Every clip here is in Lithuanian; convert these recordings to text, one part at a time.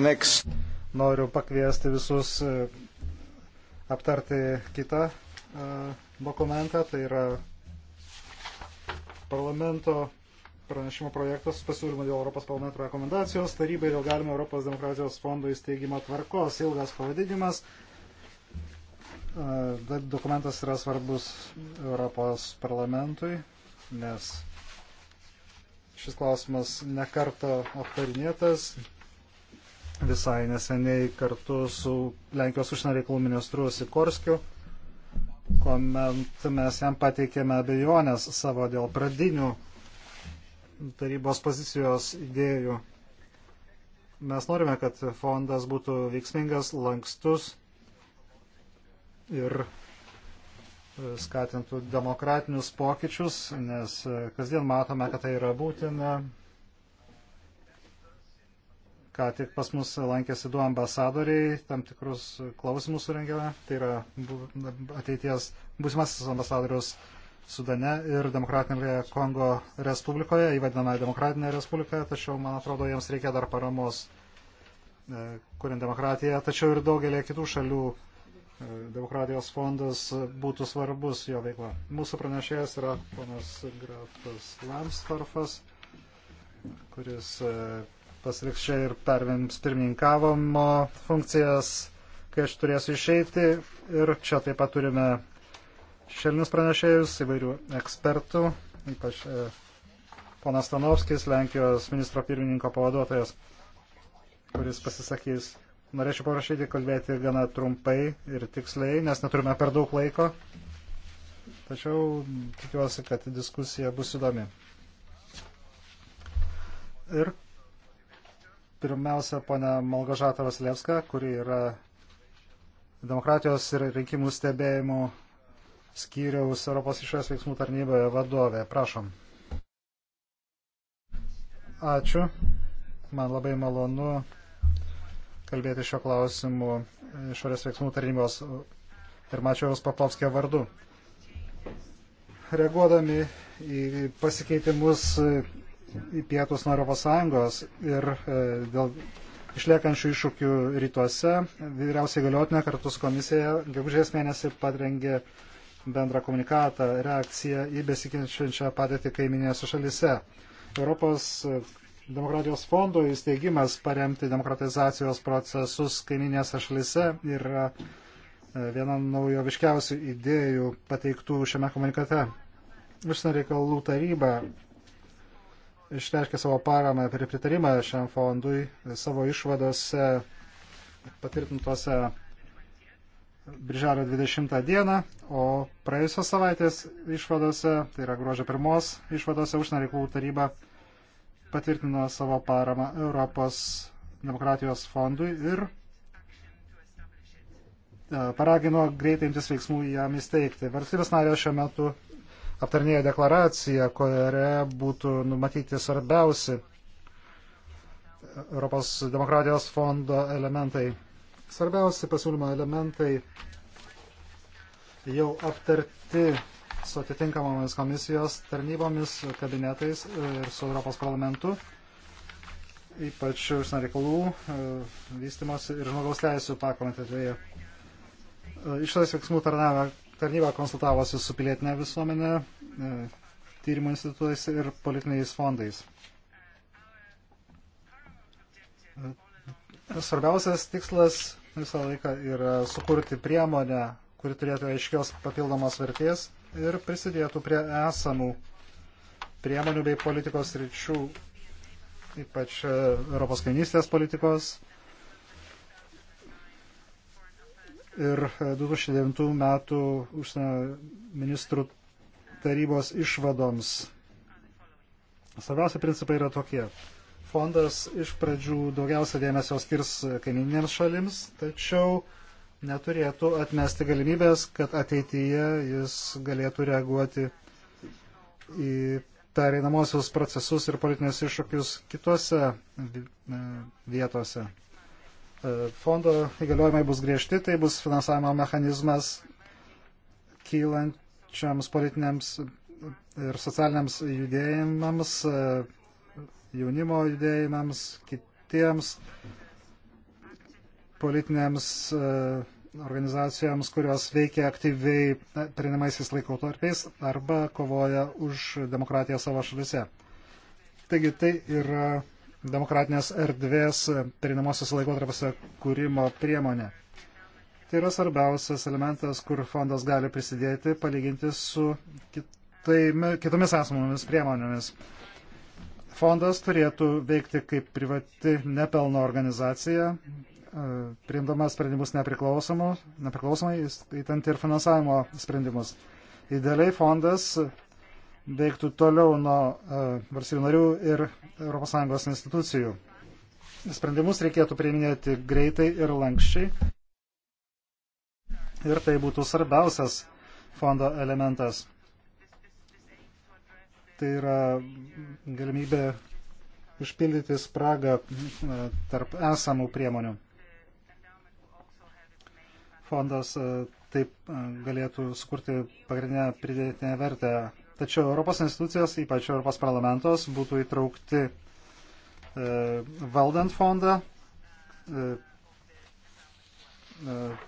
Next... Noriu pakviesti visus e, aptarti kitą e, dokumentą, tai yra parlamento pranešimo projektas pasiūlymo dėl Europos parlamento rekomendacijos tarybai dėl galimo Europos demokratijos fondo įsteigimo tvarkos, ilgas pavadinimas. E, dokumentas yra svarbus Europos parlamentui, nes Šis klausimas nekarta aptarinėtas visai neseniai kartu su Lenkijos užsienio reikalų ministru Sikorskiu, kuomet mes jam pateikėme abejonės savo dėl pradinių tarybos pozicijos idėjų. Mes norime, kad fondas būtų veiksmingas, lankstus ir skatintų demokratinius pokyčius, nes e, kasdien matome, kad tai yra būtina. Ką tik pas mus lankėsi du ambasadoriai, tam tikrus klausimus surengėme. Tai yra ateities būsimasis ambasadorius Sudane ir Demokratinėje Kongo Respublikoje, įvadinama Demokratinė Respublika, tačiau, man atrodo, jiems reikia dar paramos e, kuriant demokratiją, tačiau ir daugelį kitų šalių demokratijos fondas būtų svarbus jo veikla. Mūsų pranešėjas yra ponas Grafas Lamstorfas, kuris e, pasiliks čia ir pervims pirmininkavimo funkcijas, kai aš turėsiu išeiti. Ir čia taip pat turime šelnius pranešėjus įvairių ekspertų, ypač e, ponas Stanovskis, Lenkijos ministro pirmininko pavaduotojas, kuris pasisakys Norėčiau parašyti kalbėti gana trumpai ir tiksliai, nes neturime per daug laiko. Tačiau tikiuosi, kad diskusija bus įdomi. Ir pirmiausia, ponia Malgožata Vasilevska, kuri yra demokratijos ir rinkimų stebėjimų skyriaus Europos išorės veiksmų tarnyboje vadovė. Prašom. Ačiū. Man labai malonu kalbėti šio klausimu išorės veiksmų tarnybos ir Mačiovas Paplovskio vardu. Reaguodami į pasikeitimus į pietus nuo Europos Sąjungos ir e, dėl išliekančių iššūkių rytuose, vyriausiai galiotinė kartu su komisija gegužės mėnesį patrengė bendrą komunikatą reakciją į besikinčiančią padėtį kaiminėse šalise. Europos Demokratijos fondo įsteigimas paremti demokratizacijos procesus kaiminėse šalise yra e, viena naujoviškiausių idėjų pateiktų šiame komunikate. Užsienio reikalų taryba išreiškė savo paramą ir pritarimą šiam fondui savo išvadose patvirtintose Birželio 20 dieną, o praėjusios savaitės išvadose, tai yra gruožio pirmos išvadose, užsienio reikalų taryba patvirtino savo paramą Europos demokratijos fondui ir e, paragino greitai imtis veiksmų jam įsteigti. Valstybės narės šiuo metu aptarnėja deklaraciją, kurioje būtų numatyti svarbiausi Europos demokratijos fondo elementai. Svarbiausi pasiūlymo elementai jau aptarti su atitinkamomis komisijos tarnybomis, kabinetais ir su Europos parlamentu, ypač užsienio reikalų e, vystimos ir žmogaus teisų pakomitetėje. E, išorės veiksmų tarnyba konsultavosi su pilietinė visuomenė, e, tyrimų institutais ir politiniais fondais. Svarbiausias tikslas visą laiką yra sukurti priemonę, kuri turėtų aiškios papildomos vertės ir prisidėtų prie esamų priemonių bei politikos ryčių, ypač e, Europos kainystės politikos ir 2009 e, metų užsienio ministrų tarybos išvadoms. Svarbiausia principai yra tokie. Fondas iš pradžių daugiausia dėmesio skirs kaiminėms šalims, tačiau neturėtų atmesti galimybės, kad ateityje jis galėtų reaguoti į pereinamosius procesus ir politinės iššūkius kitose e, vietose. E, fondo įgaliojimai bus griežti, tai bus finansavimo mechanizmas kylančiams politiniams ir socialiniams judėjimams, e, jaunimo judėjimams, kitiems politinėms e, organizacijoms, kurios veikia aktyviai perinamaisiais laikotarpiais arba kovoja už demokratiją savo šalise. Taigi tai yra demokratinės erdvės perinamosios laikotarpiuose kūrimo priemonė. Tai yra svarbiausias elementas, kur fondas gali prisidėti palyginti su kitaime, kitomis esamomis priemonėmis. Fondas turėtų veikti kaip privati nepelno organizacija, E, priimdama sprendimus nepriklausomai, įtant ir finansavimo sprendimus. Idealiai fondas veiktų toliau nuo e, valstybių narių ir ES institucijų. Sprendimus reikėtų priiminėti greitai ir lankščiai. Ir tai būtų svarbiausias fondo elementas. Tai yra galimybė užpildyti spragą e, tarp esamų priemonių fondas e, taip e, galėtų sukurti pagrindinę pridėtinę vertę. Tačiau Europos institucijos, ypač Europos parlamentos, būtų įtraukti e, valdant fondą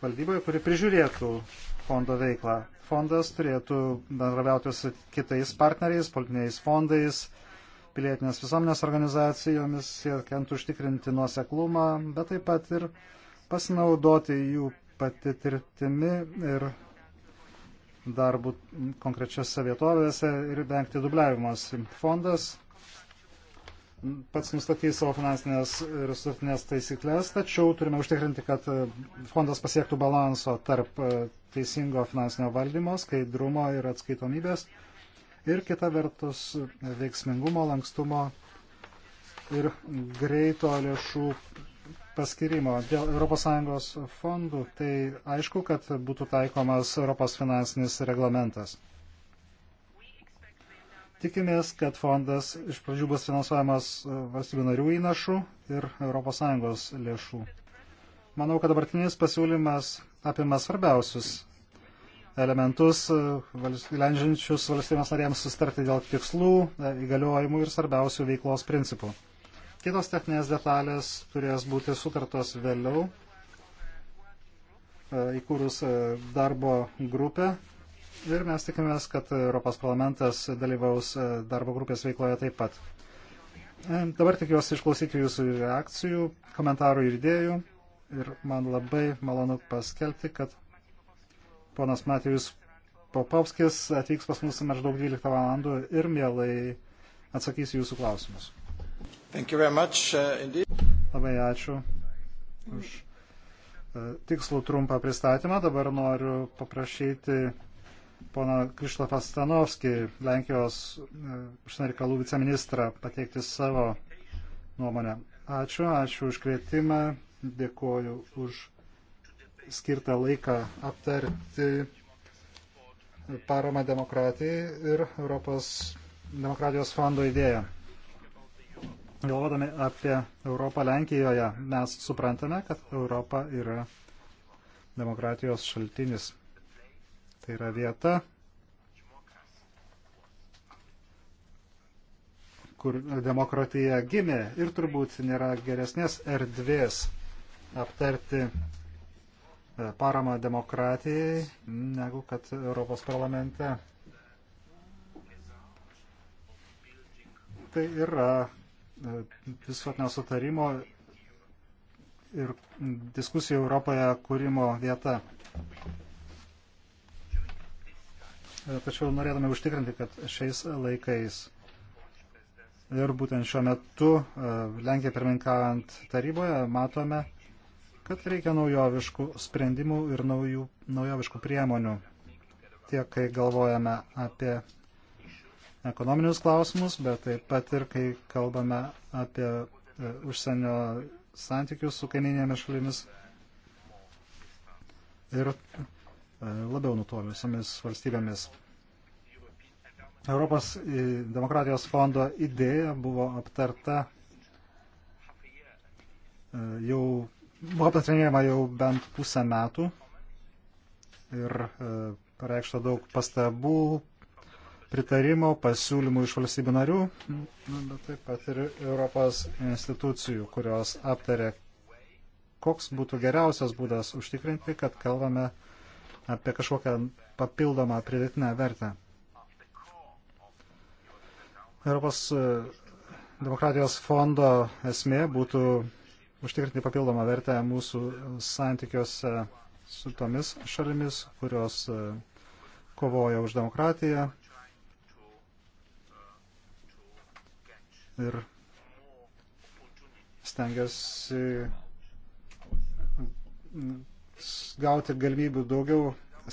valdyboje, kuri prižiūrėtų fondo veiklą. Fondas turėtų bendrabiauti su kitais partneriais, politiniais fondais, pilietinės visuomenės organizacijomis, siekiant užtikrinti nuoseklumą, bet taip pat ir pasinaudoti jų patirtimi ir darbų konkrečiose vietovėse ir vengti dubliavimas. Fondas pats nustatys savo finansinės ir sutartinės taisyklės, tačiau turime užtikrinti, kad fondas pasiektų balanso tarp e, teisingo finansinio valdymo, skaidrumo ir atskaitomybės ir kita vertus veiksmingumo, lankstumo ir greito lėšų paskirimo. Dėl ES fondų tai aišku, kad būtų taikomas Europos finansinis reglamentas. Tikimės, kad fondas iš pradžių bus finansuojamas e, valstybių narių įnašų ir ES lėšų. Manau, kad dabartinis pasiūlymas apima svarbiausius elementus, e, leidžiančius valstybės narėms sustarti dėl tikslų, e, įgaliojimų ir svarbiausių veiklos principų. Kitos techninės detalės turės būti sutartos vėliau e, įkūrus e, darbo grupę ir mes tikimės, kad Europos parlamentas dalyvaus e, darbo grupės veikloje taip pat. Dabar tikiuosi išklausyti jūsų reakcijų, komentarų ir idėjų ir man labai malonu paskelbti, kad ponas Matijus Popovskis atvyks pas mus maždaug 12 valandų ir mielai atsakys jūsų klausimus. Much, uh, Labai ačiū už uh, tikslų trumpą pristatymą. Dabar noriu paprašyti pono Krištofą Stanovskį, Lenkijos uh, užsienio reikalų viceministrą, pateikti savo nuomonę. Ačiū, ačiū už kvietimą, dėkoju už skirtą laiką aptarti paramą demokratijai ir Europos demokratijos fondo idėją galvodami apie Europą Lenkijoje, mes suprantame, kad Europa yra demokratijos šaltinis. Tai yra vieta, kur demokratija gimė ir turbūt nėra geresnės erdvės aptarti e, paramą demokratijai negu kad Europos parlamente. Tai yra E, visuotinio sutarimo ir diskusijų Europoje kūrimo vieta. E, tačiau norėtume užtikrinti, kad šiais laikais ir būtent šiuo metu e, Lenkija pirmininkaujant taryboje matome, kad reikia naujoviškų sprendimų ir naujų, naujoviškų priemonių tiek kai galvojame apie ekonominius klausimus, bet taip pat ir kai kalbame apie e, užsienio santykius su kaiminėmis šalimis ir e, labiau nutolusiamis valstybėmis. Europos e, demokratijos fondo idėja buvo aptarta jau, buvo aptarinėjama jau bent pusę metų ir pareikšta daug pastabų, pritarimo pasiūlymų iš valstybių narių, bet taip pat ir Europos institucijų, kurios aptarė, koks būtų geriausias būdas užtikrinti, kad kalbame apie kažkokią papildomą pridėtinę vertę. Europos e, demokratijos fondo esmė būtų užtikrinti papildomą vertę mūsų santykiuose su tomis šalimis, kurios e, kovoja už demokratiją, ir stengiasi gauti galimybių daugiau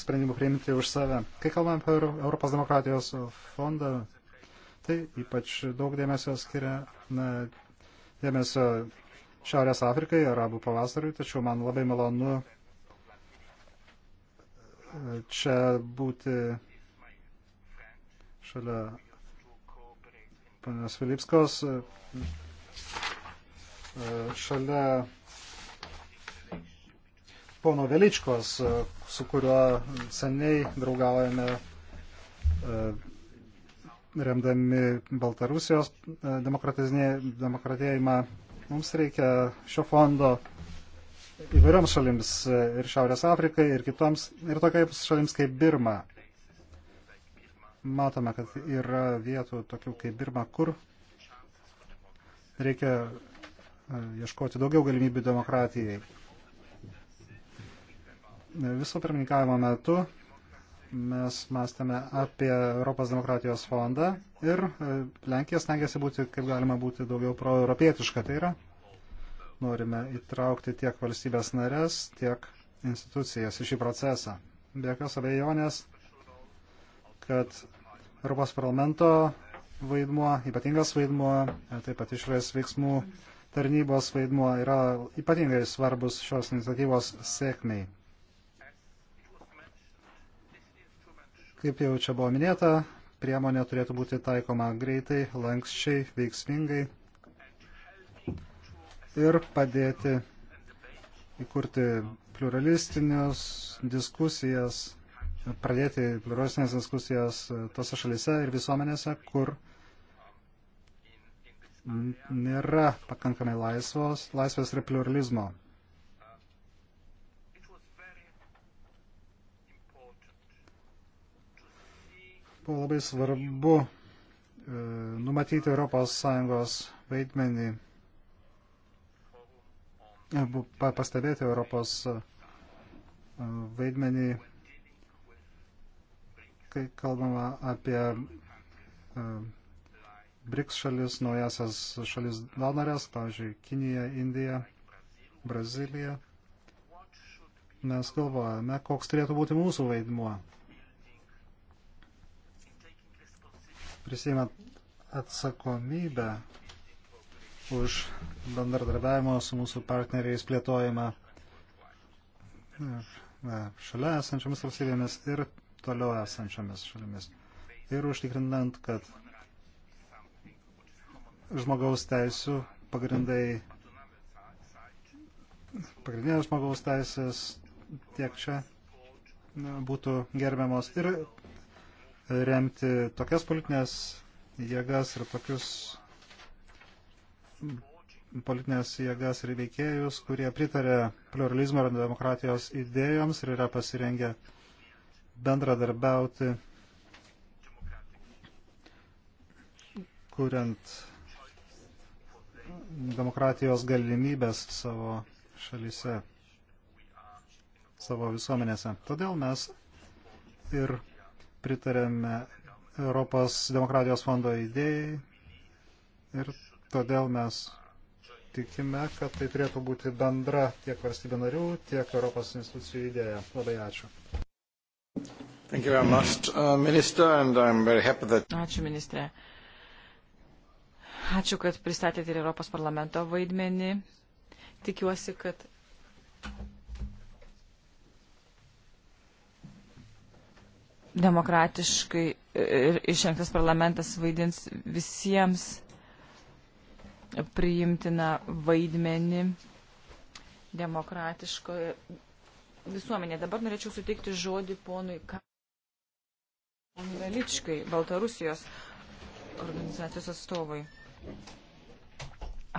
sprendimų priimti už save. Kai kalbame apie Europos demokratijos fondą, tai ypač daug dėmesio skiria na, dėmesio Šiaurės Afrikai, Arabų pavasariui, tačiau man labai malonu e, čia būti šalia panas Vilipskos. E, e, šalia pono Veličkos, e, su kuriuo seniai draugaujame remdami Baltarusijos demokratėjimą. Mums reikia šio fondo įvairioms šalims ir Šiaurės Afrikai, ir kitoms, ir tokiams šalims kaip Birma matome, kad yra vietų tokių kaip Birma, kur reikia e, ieškoti daugiau galimybių demokratijai. Viso pirmininkavimo metu mes mąstame apie Europos demokratijos fondą ir e, Lenkija stengiasi būti, kaip galima būti, daugiau proeuropietiška. Tai yra, norime įtraukti tiek valstybės narės, tiek institucijas į šį procesą. Be jokios abejonės, kad Europos parlamento vaidmuo, ypatingas vaidmuo, taip pat išvės veiksmų tarnybos vaidmuo yra ypatingai svarbus šios iniciatyvos sėkmiai. Kaip jau čia buvo minėta, priemonė turėtų būti taikoma greitai, lankščiai, veiksmingai ir padėti įkurti pluralistinius diskusijas pradėti pluralistinės diskusijas tose šalise ir visuomenėse, kur nėra pakankamai laisvos, laisvės ir pluralizmo. Buvo labai svarbu e, numatyti ES vaidmenį, e, pastebėti ES e, vaidmenį kai kalbama apie e, BRICS šalis, naujasias šalis donorės, pavyzdžiui, Kinija, Indija, Brazilija, mes galvojame, koks turėtų būti mūsų vaidmuo. Prisėmė atsakomybę už bendradarbiavimo su mūsų partneriais plėtojimą e, šalia esančiomis valstybėmis ir toliau esančiomis šalimis. Ir užtikrinant, kad žmogaus teisų pagrindai, pagrindinės žmogaus teisės tiek čia būtų gerbiamos ir remti tokias politinės jėgas ir tokius politinės jėgas ir veikėjus, kurie pritarė pluralizmo ir demokratijos idėjoms ir yra pasirengę uh, bendradarbiauti, kuriant demokratijos galimybės savo šalyse, savo visuomenėse. Todėl mes ir pritarėme Europos demokratijos fondo idėjai ir todėl mes tikime, kad tai turėtų būti bendra tiek valstybė narių, tiek Europos institucijų idėja. Labai ačiū. Thank you very much, uh, Minister, and I'm very happy that... Ačiū, ministrė. Ačiū, kad pristatėte ir Europos parlamento vaidmenį. Tikiuosi, kad demokratiškai e, išrinktas parlamentas vaidins visiems priimtiną vaidmenį demokratiškoje visuomenė. Dabar norėčiau suteikti žodį ponui Veličkai, Baltarusijos organizacijos atstovui.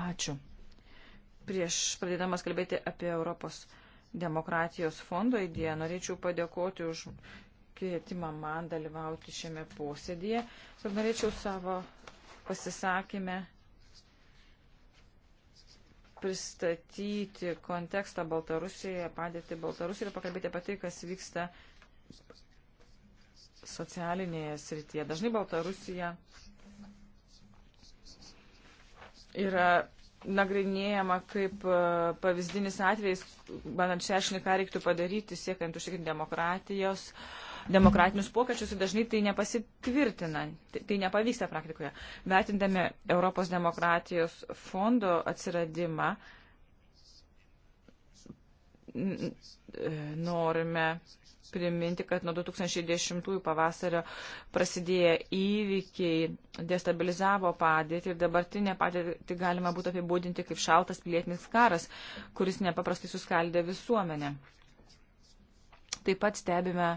Ačiū. Prieš pradėdamas kalbėti apie Europos demokratijos fondo idėją, norėčiau padėkoti už kvietimą man dalyvauti šiame posėdėje. Ir norėčiau savo pasisakymę pristatyti kontekstą Baltarusijoje, padėti Baltarusijoje ir pakalbėti apie tai, kas vyksta socialinėje srityje. Dažnai Baltarusija yra nagrinėjama kaip e, pavyzdinis atvejis, bandant šešinį, ką reiktų padaryti, siekiant užtikrinti demokratijos, uh, demokratinius pokyčius ir dažnai tai nepasitvirtina, tai, tai nepavyksta praktikoje. Vertindami Europos demokratijos fondo atsiradimą, e, norime priminti, kad nuo 2010 pavasario prasidėję įvykiai destabilizavo padėtį ir dabartinę padėtį galima būtų apibūdinti kaip šaltas pilietinis karas, kuris nepaprastai suskaldė visuomenę. Taip pat stebime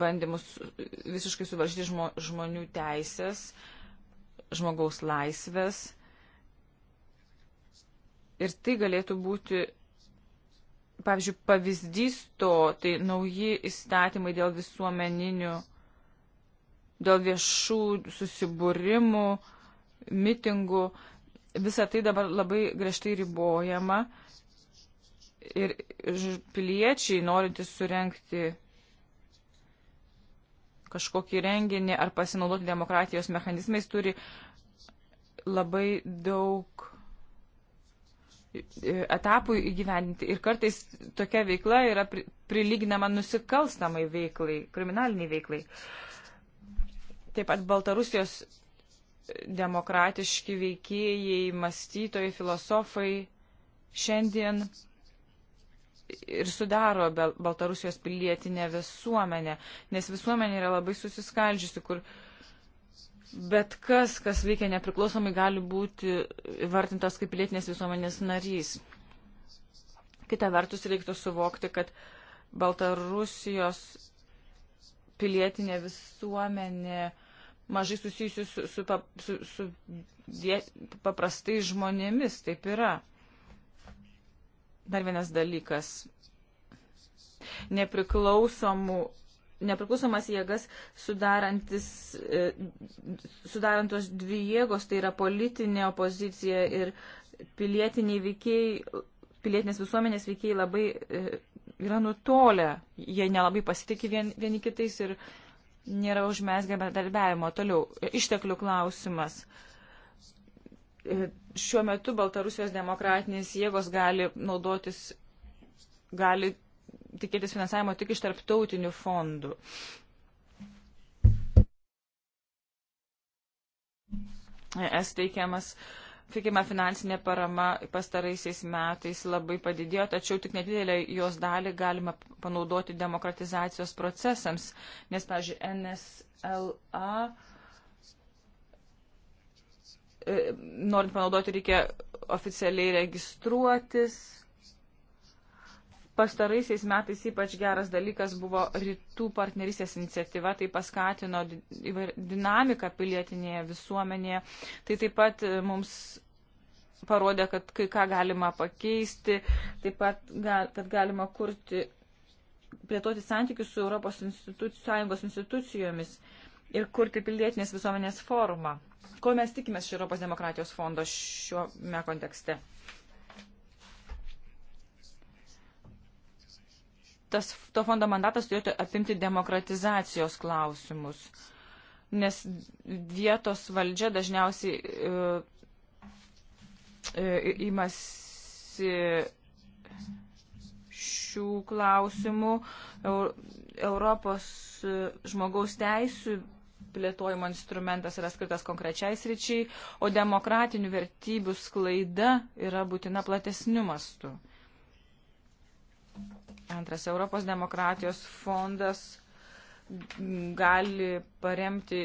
bandymus visiškai suvaržyti žmo, žmonių teisės, žmogaus laisvės. Ir tai galėtų būti, pavyzdžiui, pavyzdys to, tai nauji įstatymai dėl visuomeninių, dėl viešų susibūrimų, mitingų. Visą tai dabar labai griežtai ribojama. Ir piliečiai, norintys surenkti kažkokį renginį ar pasinaudoti demokratijos mechanizmais, turi labai daug e, etapų įgyvendinti. Ir kartais tokia veikla yra prilyginama nusikalstamai veiklai, kriminaliniai veiklai. Taip pat Baltarusijos demokratiški veikėjai, mąstytojai, filosofai šiandien ir sudaro Baltarusijos pilietinę visuomenę, nes visuomenė yra labai susiskaldžiusi, kur bet kas, kas veikia nepriklausomai, gali būti vartintas kaip pilietinės visuomenės narys. Kita vertus, reiktų suvokti, kad Baltarusijos pilietinė visuomenė mažai susijusi su, su, su, su, su die, paprastai žmonėmis, taip yra. Dar vienas dalykas. Nepriklausomų nepriklausomas jėgas sudarantis, e, sudarantos dvi jėgos, tai yra politinė opozicija ir pilietiniai veikiai, pilietinės visuomenės veikiai labai e, yra nutolę, jie nelabai pasitikė vien, vieni kitais ir nėra užmesgę bendarbiavimo. Toliau, išteklių klausimas. Uh, šiuo metu Baltarusijos demokratinės jėgos gali naudotis, gali tikėtis finansavimo tik iš tarptautinių fondų. Es teikiamas, sakykime, finansinė parama pastaraisiais metais labai padidėjo, tačiau tik nedidelę jos dalį galima panaudoti demokratizacijos procesams, nes, pavyzdžiui, NSLA E, norint panaudoti, reikia oficialiai registruotis. Pastaraisiais metais ypač geras dalykas buvo rytų partnerystės iniciatyva, tai paskatino dinamiką pilietinėje visuomenėje. Tai taip pat e, mums parodė, kad kai ką galima pakeisti, taip pat, gal, kad galima kurti, plėtoti santykius su Europos institucijų, sąjungos institucijomis ir kurti pilietinės visuomenės forumą ko mes tikimės iš Europos demokratijos fondo šiuome kontekste? Tas, to fondo mandatas turėtų apimti demokratizacijos klausimus, nes vietos valdžia dažniausiai e, e, imasi šių klausimų Europos žmogaus teisų plėtojimo instrumentas yra skirtas konkrečiai sričiai, o demokratinių vertybių sklaida yra būtina platesniu mastu. Antras Europos demokratijos fondas gali paremti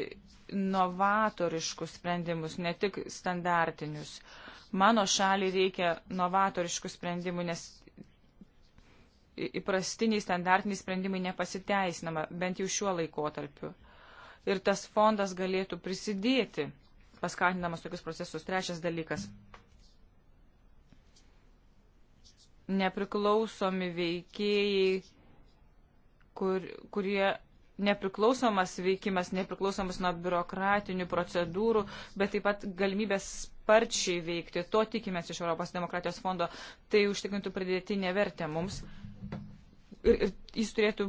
novatoriškus sprendimus, ne tik standartinius. Mano šaliai reikia novatoriškų sprendimų, nes įprastiniai standartiniai sprendimai nepasiteisinama, bent jau šiuo laikotarpiu ir tas fondas galėtų prisidėti, paskatinamas tokius procesus. Trečias dalykas. Nepriklausomi veikėjai, kur, kurie nepriklausomas veikimas, nepriklausomas nuo biurokratinių procedūrų, bet taip pat galimybės sparčiai veikti. To tikimės iš Europos demokratijos fondo. Tai užtikrintų pridėtinę vertę mums ir, ir jis turėtų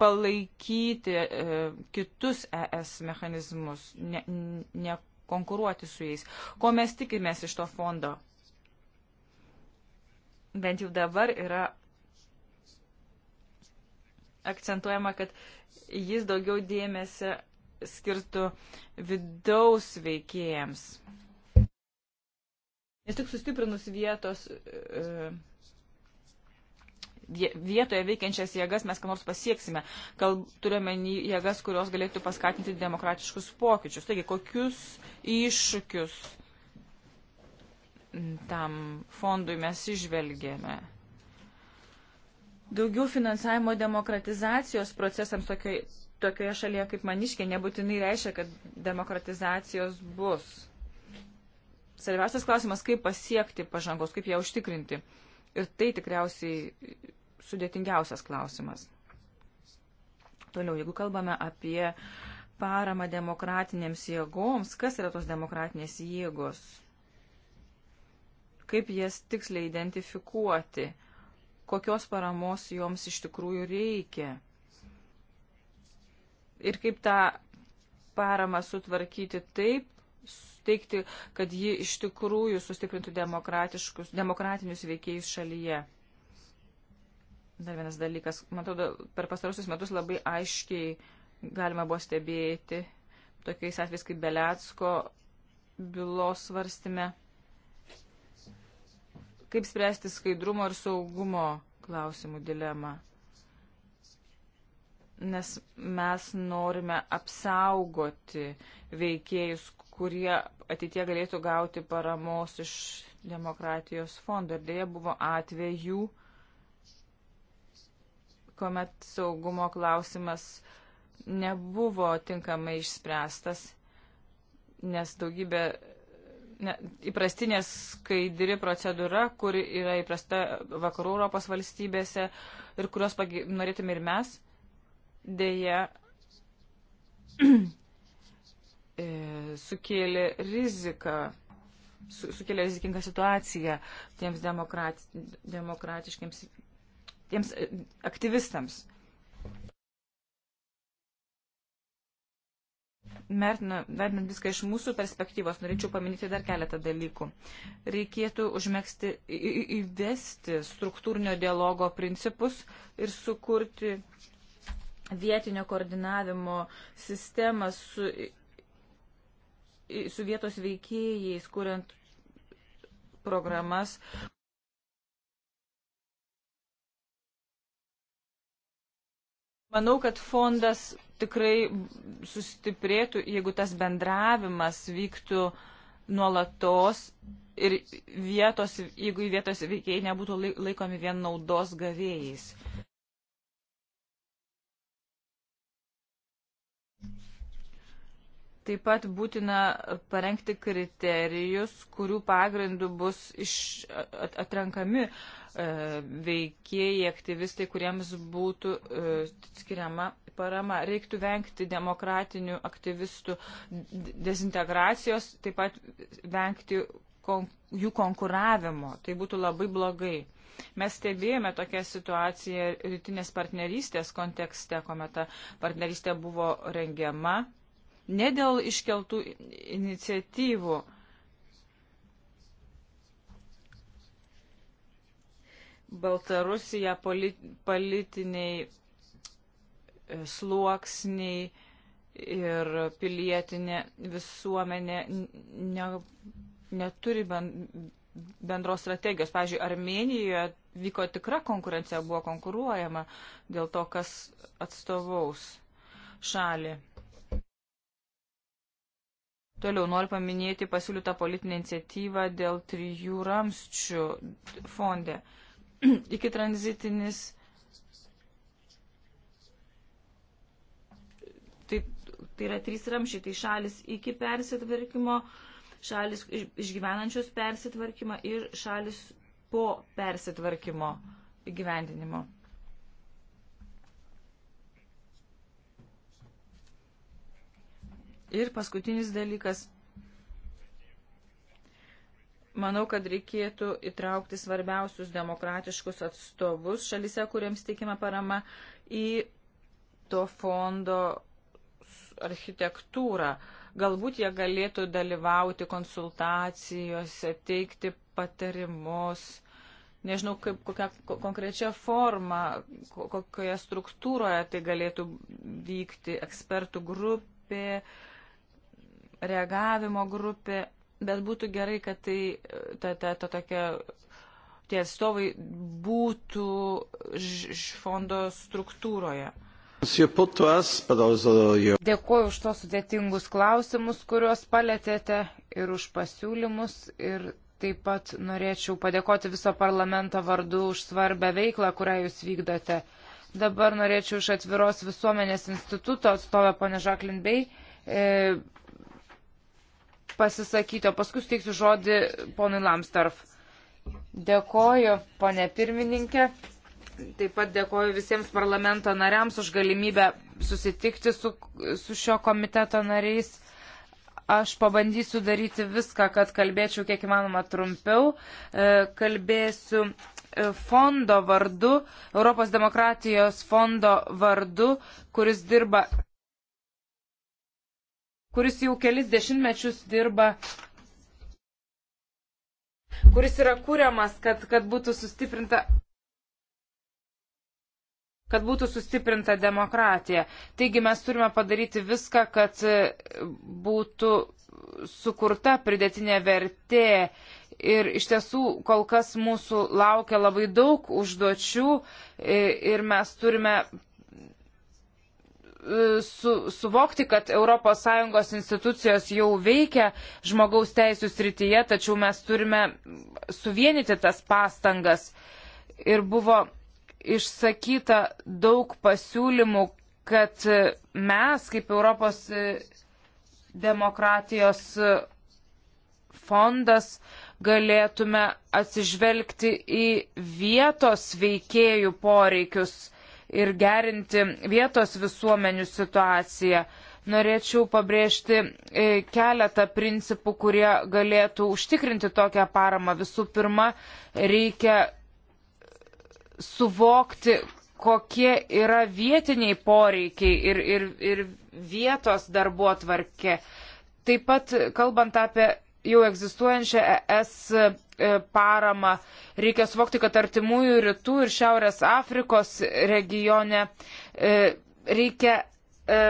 palaikyti e, kitus ES mechanizmus, nekonkuruoti ne, ne su jais. Ko mes tikimės iš to fondo? Bent jau dabar yra akcentuojama, kad jis daugiau dėmesio skirtų vidaus veikėjams. Nes tik sustiprinus vietos. E, vietoje veikiančias jėgas mes ką nors pasieksime. Gal turime jėgas, kurios galėtų paskatinti demokratiškus pokyčius. Taigi, kokius iššūkius tam fondui mes išvelgėme? Daugiau finansavimo demokratizacijos procesams tokioje, tokioje šalyje kaip maniškė nebūtinai reiškia, kad demokratizacijos bus. Svarbiausias klausimas, kaip pasiekti pažangos, kaip ją užtikrinti. Ir tai tikriausiai sudėtingiausias klausimas. Toliau, jeigu kalbame apie paramą demokratinėms jėgoms, kas yra tos demokratinės jėgos? Kaip jas tiksliai identifikuoti? Kokios paramos joms iš tikrųjų reikia? Ir kaip tą paramą sutvarkyti taip, suteikti, kad ji iš tikrųjų sustiprintų demokratinius veikėjus šalyje? Dar vienas dalykas. Man atrodo, per pastarosius metus labai aiškiai galima buvo stebėti tokiais atvejais kaip Beletsko bylos svarstime. Kaip spręsti skaidrumo ir saugumo klausimų dilemą? Nes mes norime apsaugoti veikėjus, kurie ateitie galėtų gauti paramos iš demokratijos fondo. Ir dėja buvo atvejų, jų kuomet saugumo klausimas nebuvo tinkamai išspręstas, nes daugybė ne, įprastinė skaidri procedūra, kuri yra įprasta vakarų Europos valstybėse ir kurios pagi, norėtume ir mes, dėja e, sukėlė riziką, su, sukėlė rizikingą situaciją tiems demokrati, demokratiškiams tiems e, aktyvistams. Vertinant viską iš mūsų perspektyvos, norėčiau paminėti dar keletą dalykų. Reikėtų užmėgsti, įvesti struktūrinio dialogo principus ir sukurti vietinio koordinavimo sistemą su, su vietos veikėjais, kuriant programas, Manau, kad fondas tikrai sustiprėtų, jeigu tas bendravimas vyktų nuolatos ir vietos, jeigu vietos veikiai nebūtų laikomi vien naudos gavėjais. Taip pat būtina parengti kriterijus, kurių pagrindų bus iš, at, atrenkami e, veikėjai, aktyvistai, kuriems būtų e, skiriama parama. Reiktų vengti demokratinių aktyvistų dezintegracijos, taip pat vengti kon, jų konkuravimo. Tai būtų labai blogai. Mes stebėjome tokią situaciją rytinės partnerystės kontekste, kuomet ta partnerystė buvo rengiama ne dėl iškeltų iniciatyvų. Baltarusija politiniai e, sluoksniai ir pilietinė visuomenė ne, neturi bendros strategijos. Pavyzdžiui, Armenijoje vyko tikra konkurencija, buvo konkuruojama dėl to, kas atstovaus šalį. Toliau noriu paminėti pasiūlytą politinę iniciatyvą dėl trijų ramščių fonde. Iki tranzitinis. Tai, tai yra trys ramščiai. Tai šalis iki persitvarkymo, šalis išgyvenančios persitvarkymą ir šalis po persitvarkymo įgyvendinimo. Mm. Ir paskutinis dalykas. Manau, kad reikėtų įtraukti svarbiausius demokratiškus atstovus šalise, kuriems teikima parama, į to fondo architektūrą. Galbūt jie galėtų dalyvauti konsultacijose, teikti patarimus, nežinau, kaip, kokia konkrečia forma, kokioje struktūroje tai galėtų vykti ekspertų grupė, reagavimo grupė, bet būtų gerai, kad tai ta, ta, ta tokia. Tie atstovai būtų ž, ž fondo struktūroje. Dėkuoju už tos sudėtingus klausimus, kuriuos palėtėte ir už pasiūlymus. Ir taip pat norėčiau padėkoti viso parlamento vardu už svarbę veiklą, kurią jūs vykdote. Dabar norėčiau iš atviros visuomenės instituto atstovę ponę Žaklin Bey e, pasisakyti, o paskui steiksiu žodį ponui Lamstarf. Dėkoju, ponė pirmininkė. Taip pat dėkoju visiems parlamento nariams už galimybę susitikti su, su šio komiteto nariais. Aš pabandysiu daryti viską, kad kalbėčiau kiek įmanoma trumpiau. E, kalbėsiu e, fondo vardu, Europos demokratijos fondo vardu, kuris dirba kuris jau kelis dešimtmečius dirba kuris yra kūriamas, kad, kad būtų sustiprinta kad būtų sustiprinta demokratija. Taigi mes turime padaryti viską, kad būtų sukurta pridėtinė vertė. Ir iš tiesų kol kas mūsų laukia labai daug užduočių ir mes turime E, su, suvokti, kad ES institucijos jau veikia žmogaus teisų srityje, tačiau mes turime suvienyti tas pastangas. Ir buvo išsakyta daug pasiūlymų, kad mes kaip Europos e, demokratijos e, fondas galėtume atsižvelgti į vietos veikėjų poreikius ir gerinti vietos visuomenių situaciją. Norėčiau pabrėžti e, keletą principų, kurie galėtų užtikrinti tokią paramą. Visų pirma, reikia suvokti, kokie yra vietiniai poreikiai ir, ir, ir vietos darbo tvarkė. Taip pat, kalbant apie jau egzistuojančią ES e, paramą. Reikia suvokti, kad artimųjų rytų ir Šiaurės Afrikos regione e, reikia e,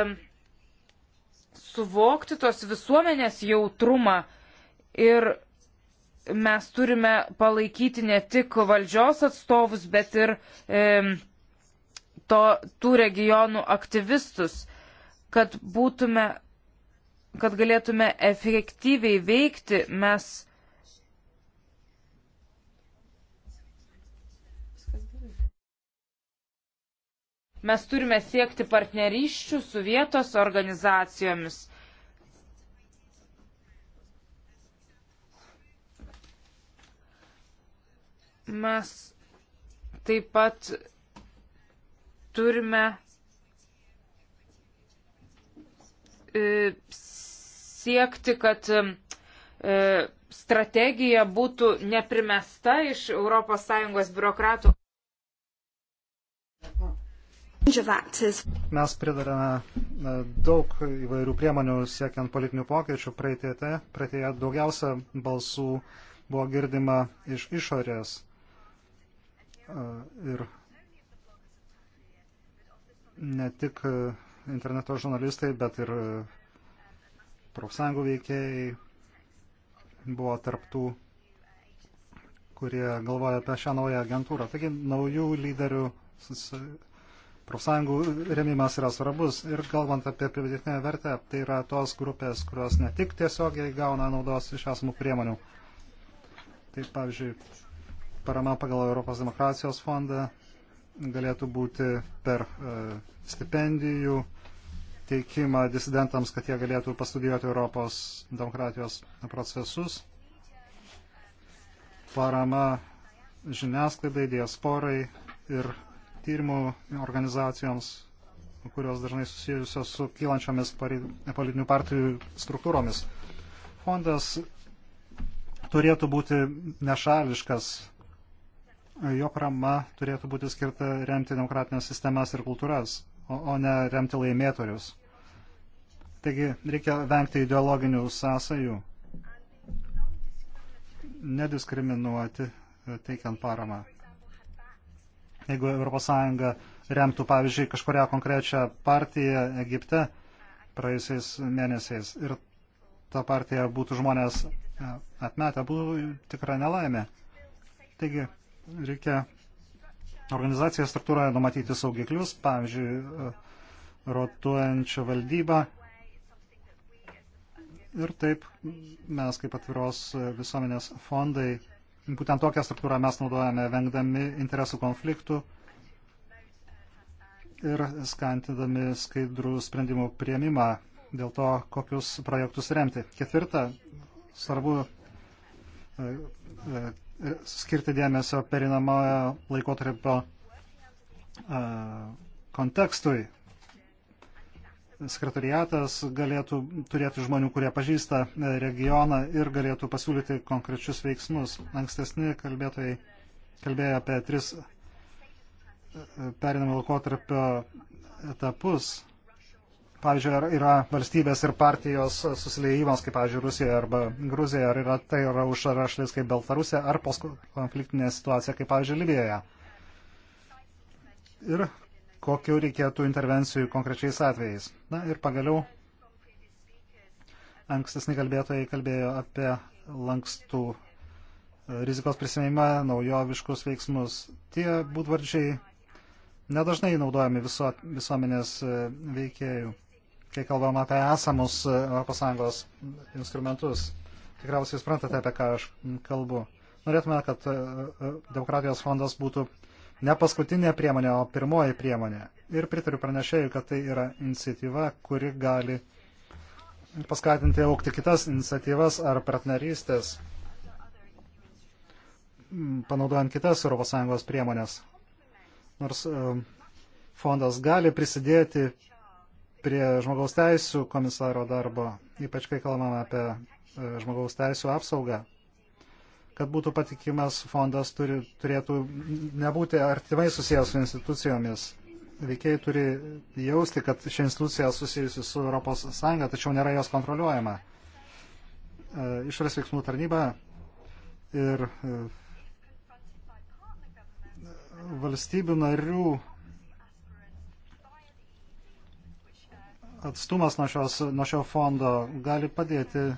suvokti tos visuomenės jautrumą ir mes turime palaikyti ne tik valdžios atstovus, bet ir e, to, tų regionų aktyvistus, kad būtume kad galėtume efektyviai veikti, mes Mes turime siekti partnerysčių su vietos organizacijomis. Mes taip pat turime e, siekti, kad e, strategija būtų neprimesta iš ES biurokratų. Mes pridarėme e, daug įvairių priemonių siekiant politinių pokyčių praeitėje. Praeitėje daugiausia balsų buvo girdima iš išorės. E, ir ne tik interneto žurnalistai, bet ir profsąjungų veikėjai buvo tarptų, kurie galvoja apie šią naują agentūrą. Taigi naujų lyderių profsąjungų remimas yra svarbus. Ir kalbant apie pridėtinę vertę, tai yra tos grupės, kurios ne tik tiesiogiai gauna naudos iš esamų priemonių. Tai pavyzdžiui, parama pagal Europos demokracijos fondą galėtų būti per e, stipendijų teikimą disidentams, kad jie galėtų pastudijuoti Europos demokratijos procesus, parama žiniasklaidai, diasporai ir tyrimų organizacijoms, kurios dažnai susijusios su kylančiomis politinių partijų struktūromis. Fondas turėtų būti nešališkas, jo parama turėtų būti skirta remti demokratinės sistemas ir kultūras, o ne remti laimėtorius. Taigi reikia vengti ideologinių sąsajų, nediskriminuoti, e, teikiant paramą. Jeigu ES remtų, pavyzdžiui, kažkurią konkrečią partiją Egipte praėjusiais mėnesiais ir ta partija būtų žmonės e, atmetę, būtų tikra nelaimė. Taigi reikia Organizacija struktūroje numatyti saugiklius, pavyzdžiui, e, rotuojančią valdybą. Ir taip mes kaip atviros visuomenės fondai, būtent tokią struktūrą mes naudojame vengdami interesų konfliktų ir skantydami skaidrų sprendimų prieimimą dėl to, kokius projektus remti. Ketvirta, svarbu e, e, skirti dėmesio perinamojo laikotarpio kontekstui. Sekretariatas galėtų turėti žmonių, kurie pažįsta e, regioną ir galėtų pasiūlyti konkrečius veiksmus. Ankstesni kalbėtojai kalbėjo apie tris e, e, perinamo laikotarpio etapus pavyzdžiui, yra valstybės ir partijos susileimas, kaip, pavyzdžiui, Rusija arba Gruzija, ar yra tai yra užsara šalis kaip Baltarusija, ar postkonfliktinė situacija, kaip, pavyzdžiui, Libijoje. Ir kokiu reikėtų intervencijų konkrečiais atvejais. Na ir pagaliau, ankstesni kalbėtojai kalbėjo apie lankstų e, rizikos prisimėjimą, naujoviškus veiksmus. Tie būdvardžiai nedažnai naudojami viso, visuomenės e, veikėjų kai kalbam apie esamus e, ES instrumentus. Tikriausiai suprantate, apie ką aš kalbu. Norėtume, kad e, e, demokratijos fondas būtų ne paskutinė priemonė, o pirmoji priemonė. Ir pritariu pranešėjui, kad tai yra iniciatyva, kuri gali paskatinti aukti kitas iniciatyvas ar partnerystės, panaudojant kitas ES priemonės. Nors fondas gali prisidėti prie žmogaus teisų komisaro darbo, ypač kai kalbame apie e, žmogaus teisų apsaugą. Kad būtų patikimas fondas turi, turėtų nebūti artimai susijęs su institucijomis. Veikiai turi jausti, kad ši institucija susijusi su ES, tačiau nėra jos kontroliuojama. E, išorės veiksmų tarnyba ir e, valstybių narių atstumas nuo, šios, nuo šio fondo gali padėti uh,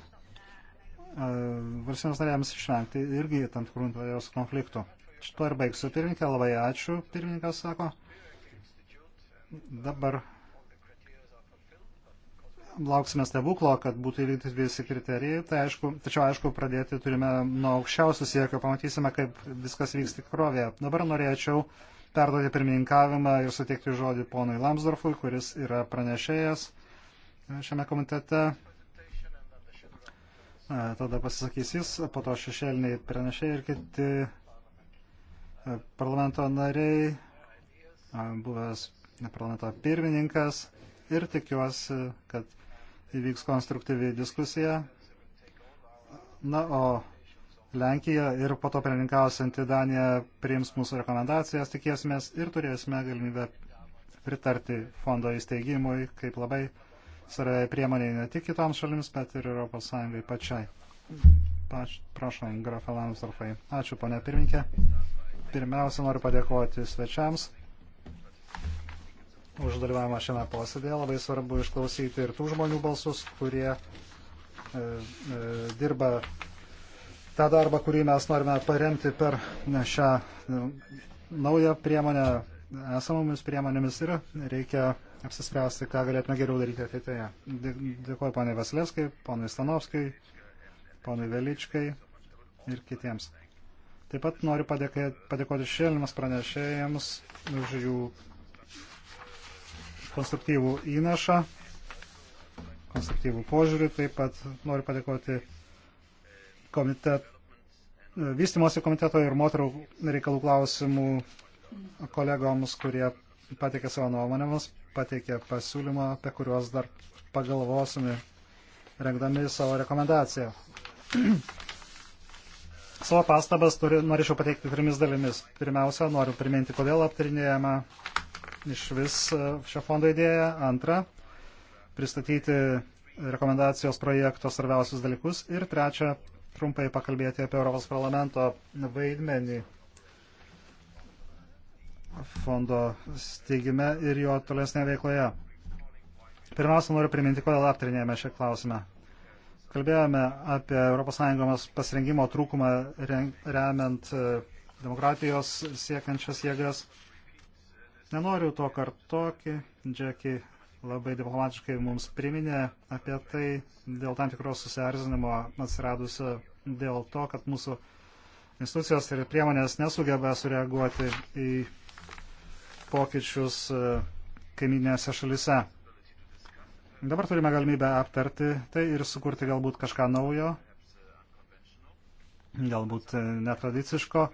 valstybės narėms išvengti irgi tam tikrų interesų konfliktų. Šito ir baigsiu. Pirmininkė, labai ačiū. Pirmininkas sako. Dabar lauksime stebuklo, kad būtų įvykdyti visi kriterijai. Tai aišku, tačiau aišku, pradėti turime nuo aukščiausių siekio, pamatysime, kaip viskas vyks tikrovėje. Dabar norėčiau uh, perduoti pirmininkavimą ir suteikti žodį ponui Lamsdorfui, kuris yra pranešėjas šiame komitete. Tada pasisakys jis, po to šešėliniai pranešėjai ir kiti parlamento nariai, buvęs parlamento pirmininkas ir tikiuosi, kad įvyks konstruktyviai diskusija. Na, o Lenkija ir po to pirmininkausianti Danija priims mūsų rekomendacijas, tikėsimės ir turėsime galimybę pritarti fondo įsteigimui kaip labai svarbiai priemoniai ne tik kitoms šalims, bet ir ES pačiai. Pač, prašom, grafė Lansdorfai. Ačiū, ponė pirminkė. Pirmiausia, noriu padėkoti svečiams už dalyvavimą šiame posėdėje. Labai svarbu išklausyti ir tų žmonių balsus, kurie e, e, dirba tą darbą, kurį mes norime paremti per šią e, naują priemonę esamomis priemonėmis ir reikia apsispręsti, ką galėtume geriau daryti ateityje. Dėkuoju poniai Vasilevskai, ponui Stanovskai, ponui Veličkai ir kitiems. Taip pat noriu padėkė, padėkoti šėlimas pranešėjams už jų konstruktyvų įnašą, konstruktyvų požiūrį. Taip pat noriu padėkoti komitet, vystimosi komiteto ir moterų reikalų klausimų kolegoms, kurie pateikė savo nuomonėmus, pateikė pasiūlymą, apie kuriuos dar pagalvosime, rengdami savo rekomendaciją. savo pastabas turi, norėčiau pateikti trimis dalimis. Pirmiausia, noriu priminti, kodėl aptarinėjama iš vis e, šio fondo idėja. Antra, pristatyti rekomendacijos projekto svarbiausius dalykus. Ir trečia, trumpai pakalbėti apie Europos parlamento vaidmenį fondo steigime ir jo tolesnėje veikloje. Pirmiausia, noriu priminti, kodėl aptarinėjame šią klausimą. Kalbėjome apie ES pasirengimo trūkumą remiant e, demokratijos siekiančias jėgas. Nenoriu to kartoti, Džeki labai diplomatiškai mums priminė apie tai dėl tam tikros susierzinimo atsiradusio dėl to, kad mūsų institucijos ir priemonės nesugeba sureaguoti į pokyčius e, kaiminėse šalise. Dabar turime galimybę aptarti tai ir sukurti galbūt kažką naujo, galbūt e, netradiciško,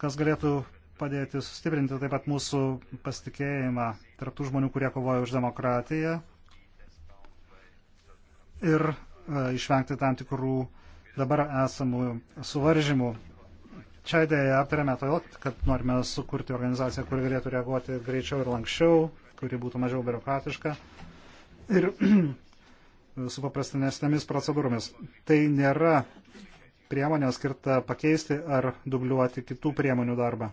kas galėtų padėti sustiprinti taip pat mūsų pasitikėjimą tarptų žmonių, kurie kovoja už demokratiją ir e, išvengti tam tikrų dabar esamų suvaržymų. Čia idėją aptarėme todėl, kad norime sukurti organizaciją, kuri galėtų reaguoti greičiau ir lankščiau, kuri būtų mažiau biurokratiška ir su paprastinėsnėmis procedūromis. Tai nėra priemonė skirta pakeisti ar dubliuoti kitų priemonių darbą.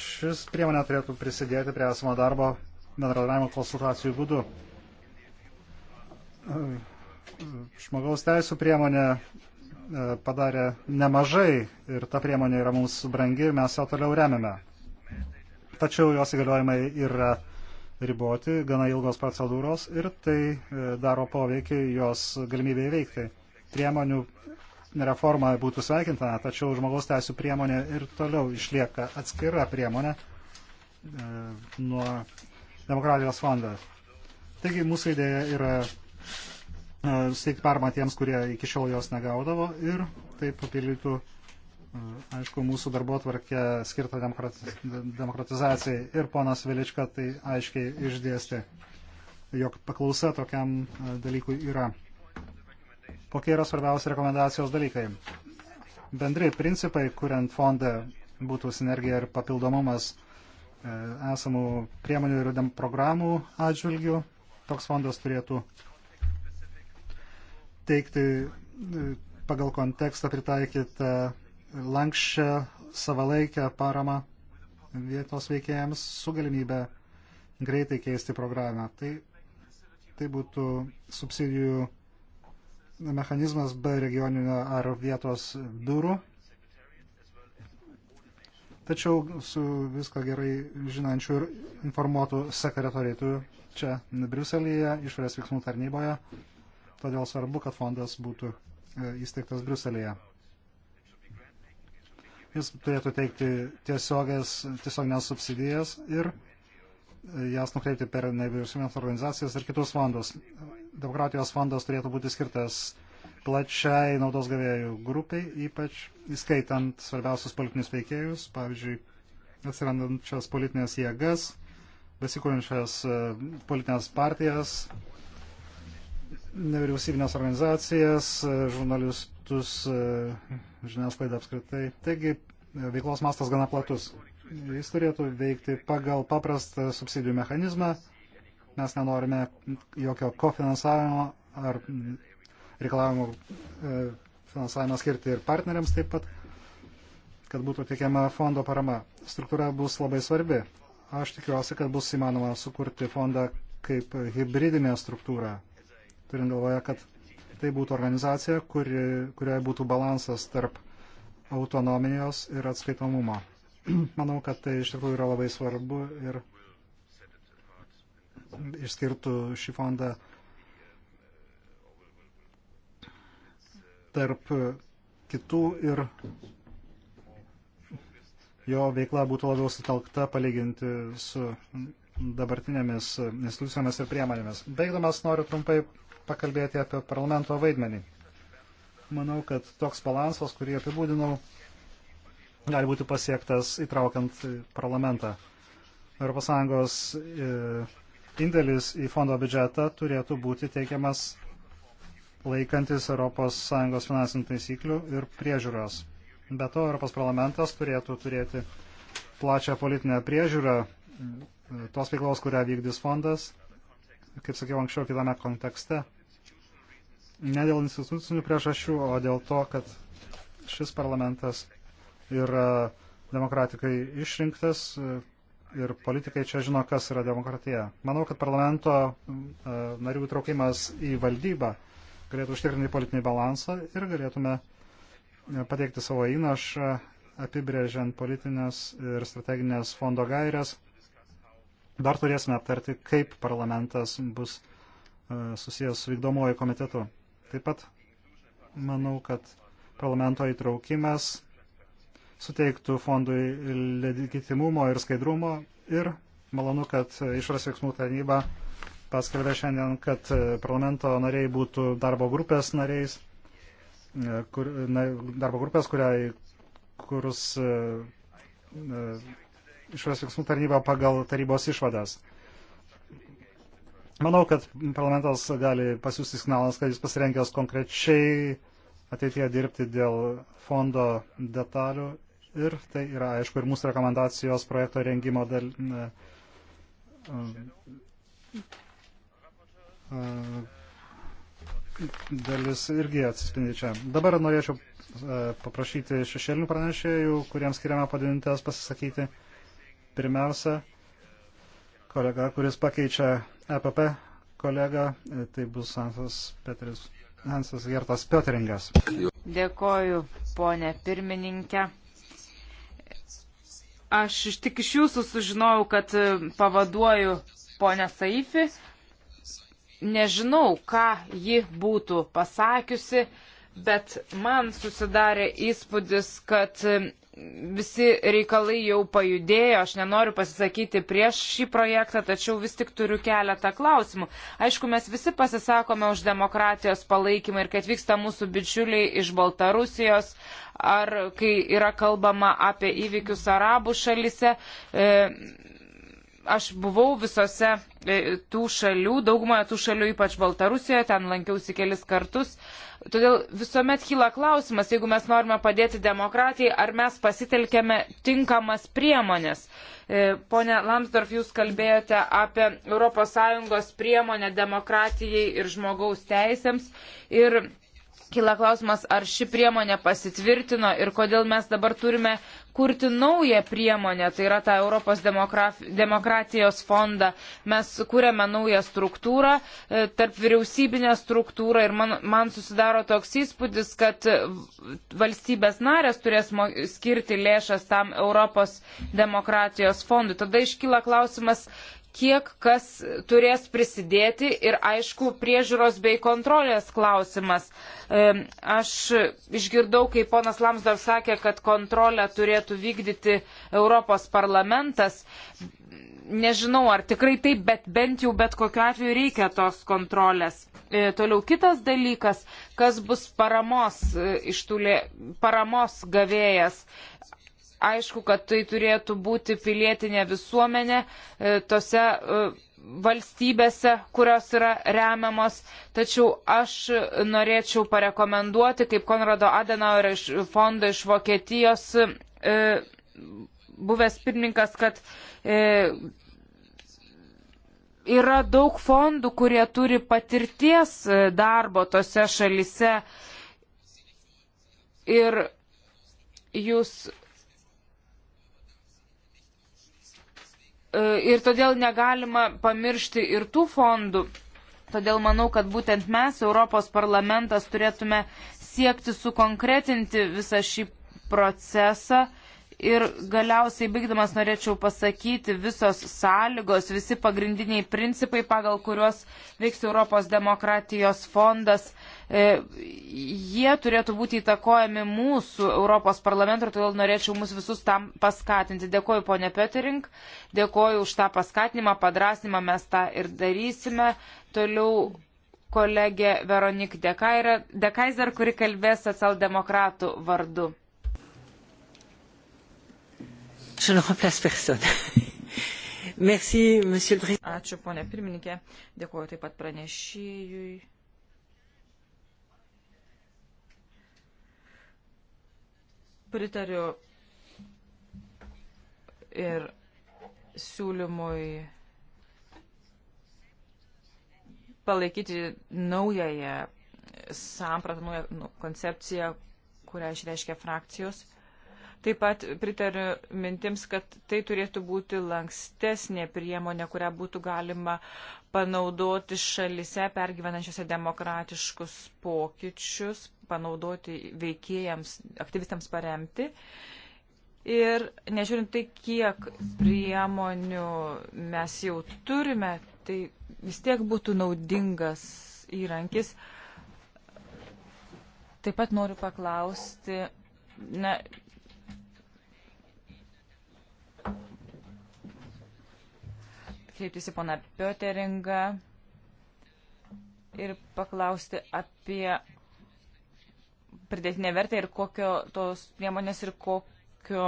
šis priemonė turėtų prisidėti prie esamo darbo bendradarbiavimo konsultacijų būdu. Žmogaus teisų priemonė e, padarė nemažai ir ta priemonė yra mums brangi ir mes ją toliau remiame. Tačiau jos įgaliojimai yra riboti, gana ilgos procedūros ir tai e, daro poveikį jos galimybėje veikti. Priemonių reforma būtų sveikintina, tačiau žmogaus teisų priemonė ir toliau išlieka atskira priemonė e, nuo demokratijos fondo. Taigi mūsų idėja yra e, steigti parmą tiems, kurie iki šiol jos negaudavo ir tai papildytų, e, aišku, mūsų darbo tvarkę skirtą demokratizacijai. Ir ponas Velička tai aiškiai išdėstė, jog paklausa tokiam dalykui yra. Kokie yra svarbiausi rekomendacijos dalykai? Bendri principai, kuriant fondą, būtų sinergija ir papildomumas e, esamų priemonių ir programų atžvilgių. Toks fondas turėtų teikti e, pagal kontekstą pritaikytą lankščią savalaikę paramą vietos veikėjams su galimybė greitai keisti programą. Tai, tai būtų subsidijų mechanizmas B regioninio ar vietos biurų. Tačiau su viską gerai žinančių ir informuotų sekretorėtų čia Briuselėje, išorės veiksmų tarnyboje. Todėl svarbu, kad fondas būtų e, įsteigtas Briuselėje. Jis turėtų teikti tiesioginės subsidijas ir e, jas nukreipti per nevyriausybinės organizacijas ir kitus fondus demokratijos fondas turėtų būti skirtas plačiai naudos gavėjų grupiai, ypač įskaitant svarbiausius politinius veikėjus, pavyzdžiui, atsirandančias politinės jėgas, besikūrinčias e, politinės partijas, nevyriausybinės organizacijas, e, žurnalistus, e, žiniasklaidą apskritai. Taigi, veiklos mastas gana platus. Jis turėtų veikti pagal paprastą subsidijų mechanizmą mes nenorime jokio kofinansavimo ar reikalavimo e, finansavimą skirti ir partneriams taip pat, kad būtų teikiama fondo parama. Struktūra bus labai svarbi. Aš tikiuosi, kad bus įmanoma sukurti fondą kaip hybridinę struktūrą, turint galvoje, kad tai būtų organizacija, kuri, kurioje būtų balansas tarp autonomijos ir atskaitomumo. Manau, kad tai iš tikrųjų yra labai svarbu ir išskirtų šį fondą tarp kitų ir jo veikla būtų labiau sutelkta palyginti su dabartinėmis institucijomis ir priemonėmis. Baigdamas noriu trumpai pakalbėti apie parlamento vaidmenį. Manau, kad toks balansas, kurį apibūdinau, gali būti pasiektas įtraukiant parlamentą. ES indėlis į fondo biudžetą turėtų būti teikiamas laikantis ES finansinių taisyklių ir priežiūros. Be to, Europos parlamentas turėtų turėti plačią politinę priežiūrą tos veiklos, kurią vykdys fondas, kaip sakiau anksčiau, kitame kontekste. Ne dėl institucinių priežasčių, o dėl to, kad šis parlamentas yra demokratikai išrinktas, ir politikai čia žino, kas yra demokratija. Manau, kad parlamento e, narių įtraukimas į valdybą galėtų užtikrinti politinį balansą ir galėtume e, pateikti savo įnašą, apibrėžiant politinės ir strateginės fondo gairias. Dar turėsime aptarti, kaip parlamentas bus e, susijęs su vykdomuoju komitetu. Taip pat manau, kad parlamento įtraukimas suteiktų fondui legitimumo ir skaidrumo. Ir malonu, kad išras veiksmų tarnyba paskelbė šiandien, kad e, parlamento nariai būtų darbo grupės nariais, e, kur, na, darbo grupės, kuriai kurus e, išras veiksmų tarnyba pagal tarybos išvadas. Manau, kad parlamentas gali pasiūsti signalas, kad jis pasirengęs konkrečiai ateityje dirbti dėl fondo detalių Ir tai yra, aišku, ir mūsų rekomendacijos projekto rengimo dal, e, e, e, dalis irgi atsispindi čia. Dabar norėčiau paprašyti šešėlinių pranešėjų, kuriems skiriama padidintas pasisakyti. Pirmiausia, kolega, kuris pakeičia EPP kolegą, tai bus Hansas Petris, Hansas Gertas Petringas. Dėkoju, ponė pirmininkė. Aš tik iš jūsų sužinojau, kad e, pavaduoju ponę Saifį. Nežinau, ką ji būtų pasakiusi, bet man susidarė įspūdis, kad e, visi reikalai jau pajudėjo, aš nenoriu pasisakyti prieš šį projektą, tačiau vis tik turiu keletą klausimų. Aišku, mes visi pasisakome už demokratijos palaikymą ir kad vyksta mūsų bičiuliai iš Baltarusijos, ar kai yra kalbama apie įvykius arabų šalise. E, aš buvau visose e, tų šalių, daugumoje tų šalių, ypač Baltarusijoje, ten lankiausi kelis kartus. Todėl visuomet kyla klausimas, jeigu mes norime padėti demokratijai, ar mes pasitelkėme tinkamas priemonės. E, pone Lamsdorf, jūs kalbėjote apie ES priemonę demokratijai ir žmogaus teisėms. Ir Kila klausimas, ar ši priemonė pasitvirtino ir kodėl mes dabar turime kurti naują priemonę, tai yra tą Europos demokratijos fondą. Mes kūrėme naują struktūrą, e, tarp vyriausybinę struktūrą ir man, man susidaro toks įspūdis, kad valstybės narės turės skirti lėšas tam Europos demokratijos fondui. Tada iškyla klausimas, kiek kas turės prisidėti ir aišku priežiūros bei kontrolės klausimas. E, aš išgirdau, kai ponas Lamsdorf sakė, kad kontrolę turėtų vykdyti Europos parlamentas. Nežinau, ar tikrai taip, bet bent jau bet kokiu atveju reikia tos kontrolės. E, toliau kitas dalykas, kas bus paramos, e, ištulė, paramos gavėjas aišku, kad tai turėtų būti pilietinė visuomenė e, tose e, valstybėse, kurios yra remiamos. Tačiau aš norėčiau parekomenduoti, kaip Konrado Adenauer iš fondo iš Vokietijos e, buvęs pirmininkas, kad yra daug fondų, kurie turi patirties darbo tose šalise. Ir jūs E, ir todėl negalima pamiršti ir tų fondų. Todėl manau, kad būtent mes, Europos parlamentas, turėtume siekti sukonkretinti visą šį procesą Ir galiausiai baigdamas norėčiau pasakyti visos sąlygos, visi pagrindiniai principai, pagal kuriuos veiks Europos demokratijos fondas, e, jie turėtų būti įtakojami mūsų Europos parlamento, todėl norėčiau mus visus tam paskatinti. Dėkoju ponė Peterink, dėkoju už tą paskatinimą, padrasinimą, mes tą ir darysime. Toliau kolegė Veronik Dekaiser, kuri kalbės socialdemokratų vardu. Je ne remplace personne. Merci, monsieur le président. Ačiū, ponė pirmininkė. Dėkuoju taip pat pranešėjui. Pritariu ir siūlymui palaikyti naująją sampratą, naują nu, koncepciją, kurią išreiškia frakcijos. Taip pat pritariu mintims, kad tai turėtų būti lankstesnė priemonė, kurią būtų galima panaudoti šalise pergyvenančiose demokratiškus pokyčius, panaudoti veikėjams, aktyvistams paremti. Ir nežiūrint tai, kiek priemonių mes jau turime, tai vis tiek būtų naudingas įrankis. Taip pat noriu paklausti, na, kreiptis į poną Pioteringą ir paklausti apie pridėtinę vertę ir kokio tos priemonės ir kokio,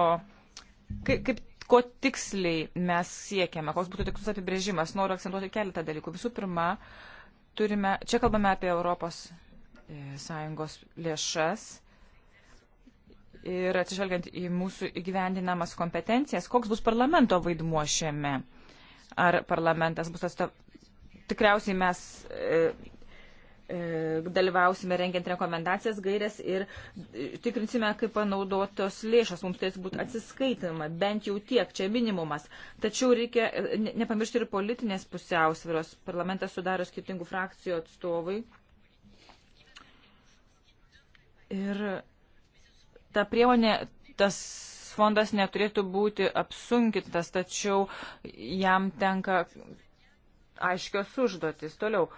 kaip, kaip ko tiksliai mes siekiame, koks būtų tikslus apibrėžimas. Noriu akcentuoti keletą dalykų. Visų pirma, turime, čia kalbame apie Europos e, Sąjungos lėšas ir atsižvelgiant į mūsų įgyvendinamas kompetencijas, koks bus parlamento vaidmuo šiame ar parlamentas bus atstov... Tikriausiai mes e, e, dalyvausime rengiant rekomendacijas, gairias ir e, tikrinsime, kaip panaudotos lėšos. Mums turės būti atsiskaitama, bent jau tiek, čia minimumas. Tačiau reikia e, nepamiršti ir politinės pusiausviros. Parlamentas sudaro skirtingų frakcijų atstovai. Ir ta priemonė, tas fondas neturėtų būti apsunkintas, tačiau jam tenka aiškios užduotis. Toliau,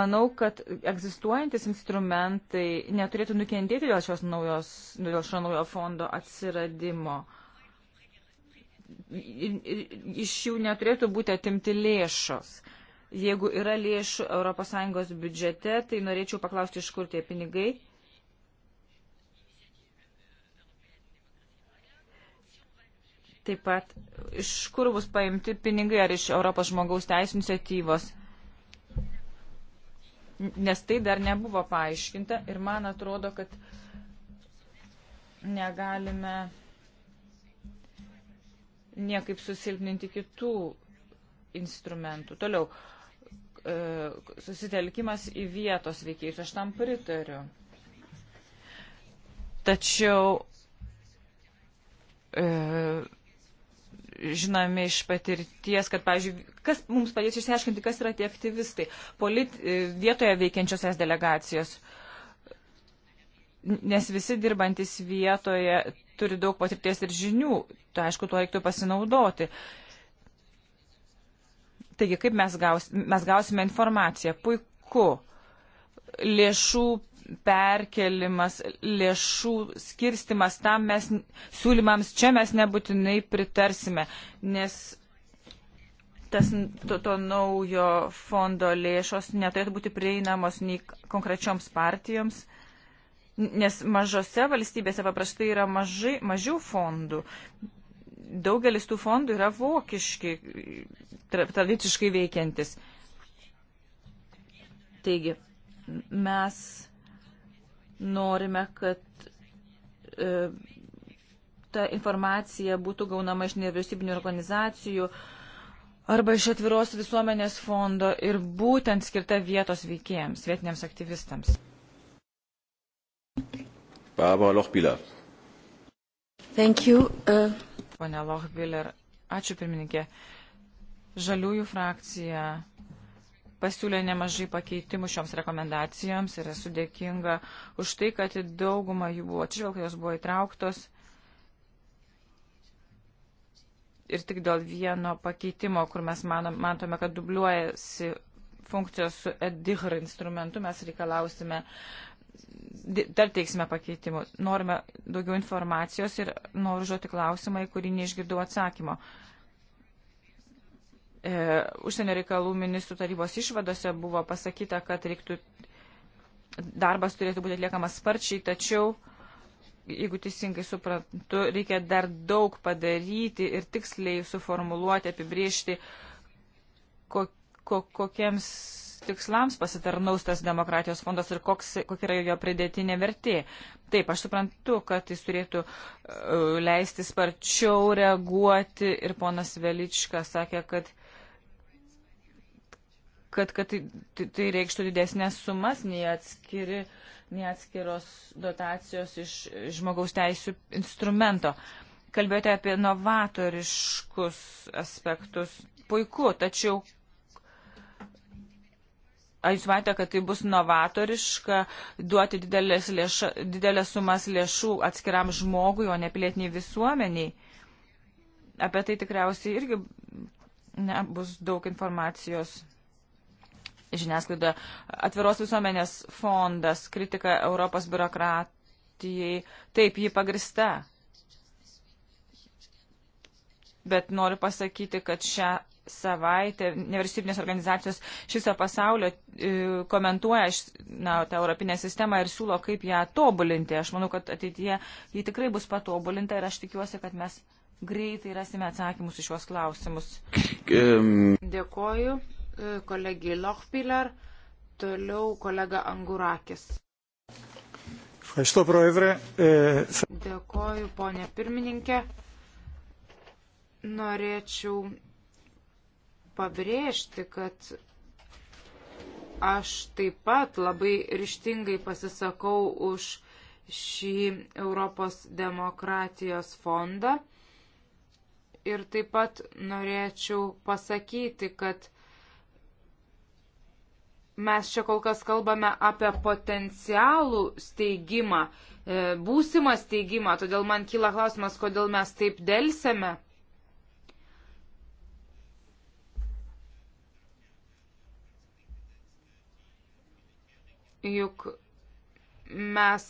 manau, kad egzistuojantis instrumentai neturėtų nukentėti dėl, šios naujos, dėl šio naujo fondo atsiradimo. Iš jų neturėtų būti atimti lėšos. Jeigu yra lėšų ES biudžete, tai norėčiau paklausti, iš kur tie pinigai Taip pat, iš kur bus paimti pinigai, ar iš Europos žmogaus teisų iniciatyvos? Nes tai dar nebuvo paaiškinta ir man atrodo, kad negalime niekaip susilpninti kitų instrumentų. Toliau, e, susitelkimas į vietos veikėjus, aš tam pritariu. Tačiau e, žinome iš patirties, kad, pavyzdžiui, kas mums padės išsiaiškinti, kas yra tie aktyvistai, polit, e, vietoje veikiančios es delegacijos. Nes visi dirbantis vietoje turi daug patirties ir žinių, tai aišku, tuo reiktų pasinaudoti. Taigi, kaip mes, gaus, mes gausime informaciją? Puiku. Lėšų perkelimas, lėšų skirstimas tam mes siūlymams čia mes nebūtinai pritarsime, nes tas to, to naujo fondo lėšos neturėtų būti prieinamos nei konkrečioms partijoms, nes mažose valstybėse paprastai yra mažai, mažiau fondų. Daugelis tų fondų yra vokiški, tra, tradiciškai veikiantis. Taigi, mes norime, kad e, ta informacija būtų gaunama iš nevyriausybinių organizacijų arba iš atviros visuomenės fondo ir būtent skirta vietos veikėjams, vietiniams aktyvistams. Barbara Lochbiller. Thank you. Uh... Pone Lochbiller, ačiū pirmininkė. Žaliųjų frakcija pasiūlė nemažai pakeitimų šioms rekomendacijoms ir esu dėkinga už tai, kad dauguma jų buvo atžvelgta, jos buvo įtrauktos. Ir tik dėl vieno pakeitimo, kur mes manom, matome, kad dubliuojasi funkcijos su EDIHR instrumentu, mes reikalausime, dar teiksime pakeitimų. Norime daugiau informacijos ir noriu žuoti klausimą, į kurį neišgirdau atsakymo. Uh, e, užsienio reikalų ministrų tarybos išvadose buvo pasakyta, kad reiktų, darbas turėtų būti atliekamas sparčiai, tačiau, jeigu teisingai suprantu, reikia dar daug padaryti ir tiksliai suformuluoti, apibriežti, ko, ko, kokiems tikslams pasitarnaus tas demokratijos fondas ir koks, kokia yra jo pridėtinė vertė. Taip, aš suprantu, kad jis turėtų e, leisti sparčiau reaguoti ir ponas Velička sakė, kad kad, kad tai, tai, tai reikštų didesnės sumas nei, atskiri, nei atskiros dotacijos iš žmogaus teisų instrumento. Kalbėjote apie novatoriškus aspektus. Puiku, tačiau. Ar jūs matėte, kad tai bus novatoriška duoti didelės, lėša, didelės sumas lėšų atskiram žmogui, o ne pilietiniai visuomeniai? Apie tai tikriausiai irgi ne, bus daug informacijos žiniasklaidoje. Atviros visuomenės fondas, kritika Europos biurokratijai, taip jį pagrista. Bet noriu pasakyti, kad šią savaitę nevyriausybinės organizacijos šis pasaulio e, komentuoja na, tą europinę sistemą ir siūlo, kaip ją tobulinti. Aš manau, kad ateityje ji tikrai bus patobulinta ir aš tikiuosi, kad mes greitai rasime atsakymus į šiuos klausimus. Dėkoju. E, kolegė Lochpiller, toliau kolega Angurakis. Dėkoju, ponė pirmininkė. Norėčiau pabrėžti, kad aš taip pat labai ryštingai pasisakau už šį Europos demokratijos fondą. Ir taip pat norėčiau pasakyti, kad mes čia kol kas kalbame apie potencialų steigimą, e, būsimą steigimą, todėl man kyla klausimas, kodėl mes taip dėlsėme. Juk mes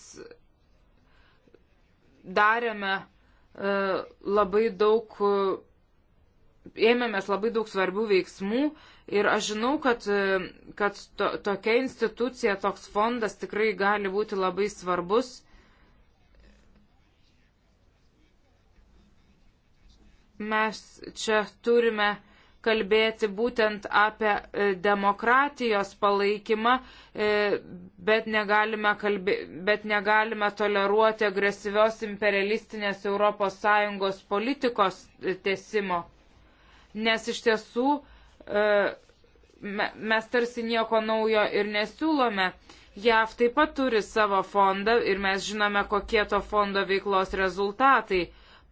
darėme e, labai daug, e, ėmėmės labai daug svarbių veiksmų, Ir aš žinau, kad, kad to, tokia institucija, toks fondas tikrai gali būti labai svarbus. Mes čia turime kalbėti būtent apie e, demokratijos palaikymą, e, bet negalime, kalbė, bet negalime toleruoti agresyvios imperialistinės ES politikos e, tesimo. Nes iš tiesų E, mes tarsi nieko naujo ir nesiūlome. JAV taip pat turi savo fondą ir mes žinome, kokie to fondo veiklos rezultatai.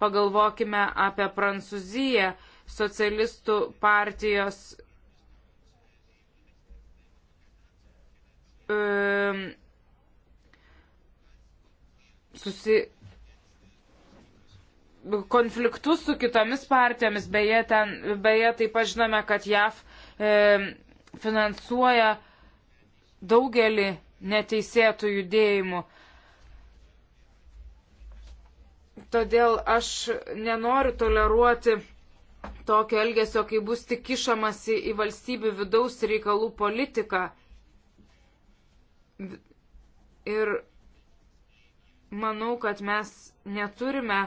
Pagalvokime apie Prancūziją, socialistų partijos e, susi, konfliktus su kitomis partijomis. Beje, ten, beje taip pat žinome, kad JAV e, finansuoja daugelį neteisėtų judėjimų. Todėl aš nenoriu toleruoti tokio elgesio, kai bus tik kišamasi į valstybių vidaus reikalų politiką. Ir manau, kad mes neturime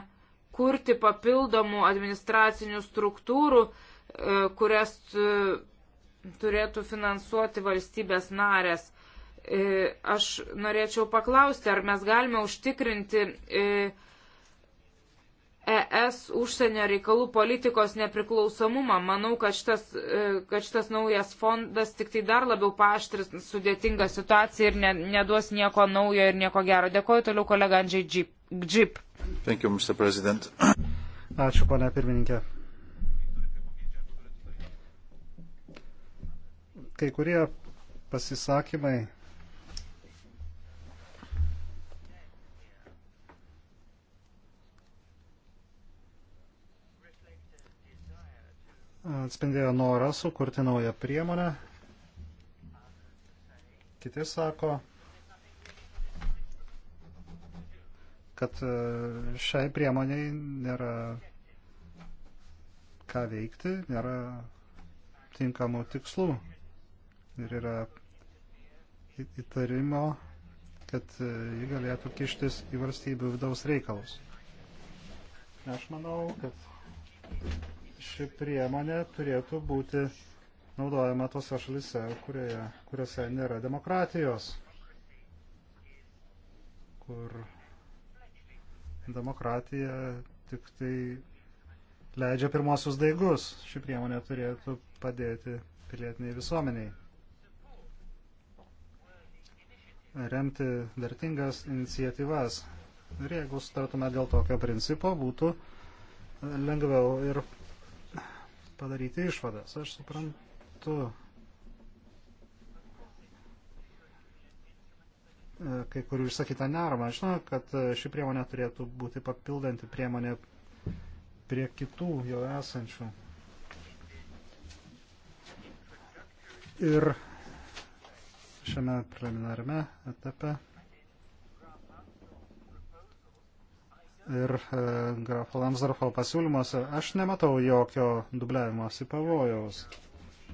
kurti papildomų administracinių struktūrų, e, kurias e, turėtų finansuoti valstybės narės. E, aš norėčiau paklausti, ar mes galime užtikrinti ES užsienio reikalų politikos nepriklausomumą. Manau, kad šitas, kad šitas naujas fondas tik tai dar labiau paaštris sudėtingą situaciją ir ne, neduos nieko naujo ir nieko gero. Dėkoju toliau kolega Andžiai Džip. GJIP. Thank you, Mr. President. Ačiū, ponia pirmininkė. Kai kurie pasisakymai atspindėjo norą sukurti naują priemonę. Kiti sako, kad e, šiai priemoniai nėra ką veikti, nėra tinkamų tikslų ir yra įtarimo, kad e, ji galėtų kištis į valstybių vidaus reikalus. Aš manau, kad ši priemonė turėtų būti naudojama tose šalise, kurioje, kuriuose nėra demokratijos, kur demokratija tik tai leidžia pirmosius daigus. Ši priemonė turėtų padėti pilietiniai visuomeniai. Remti vertingas iniciatyvas. Ir jeigu sutartume dėl tokio principo, būtų lengviau ir padaryti išvadas. Aš suprantu E, kai kurių išsakytą neramą. Žinau, kad e, ši priemonė turėtų būti papildanti priemonė prie kitų jau esančių. Ir šiame preliminarime etape ir e, grafo Lamsdorfo pasiūlymuose aš nematau jokio dubliavimosi pavojaus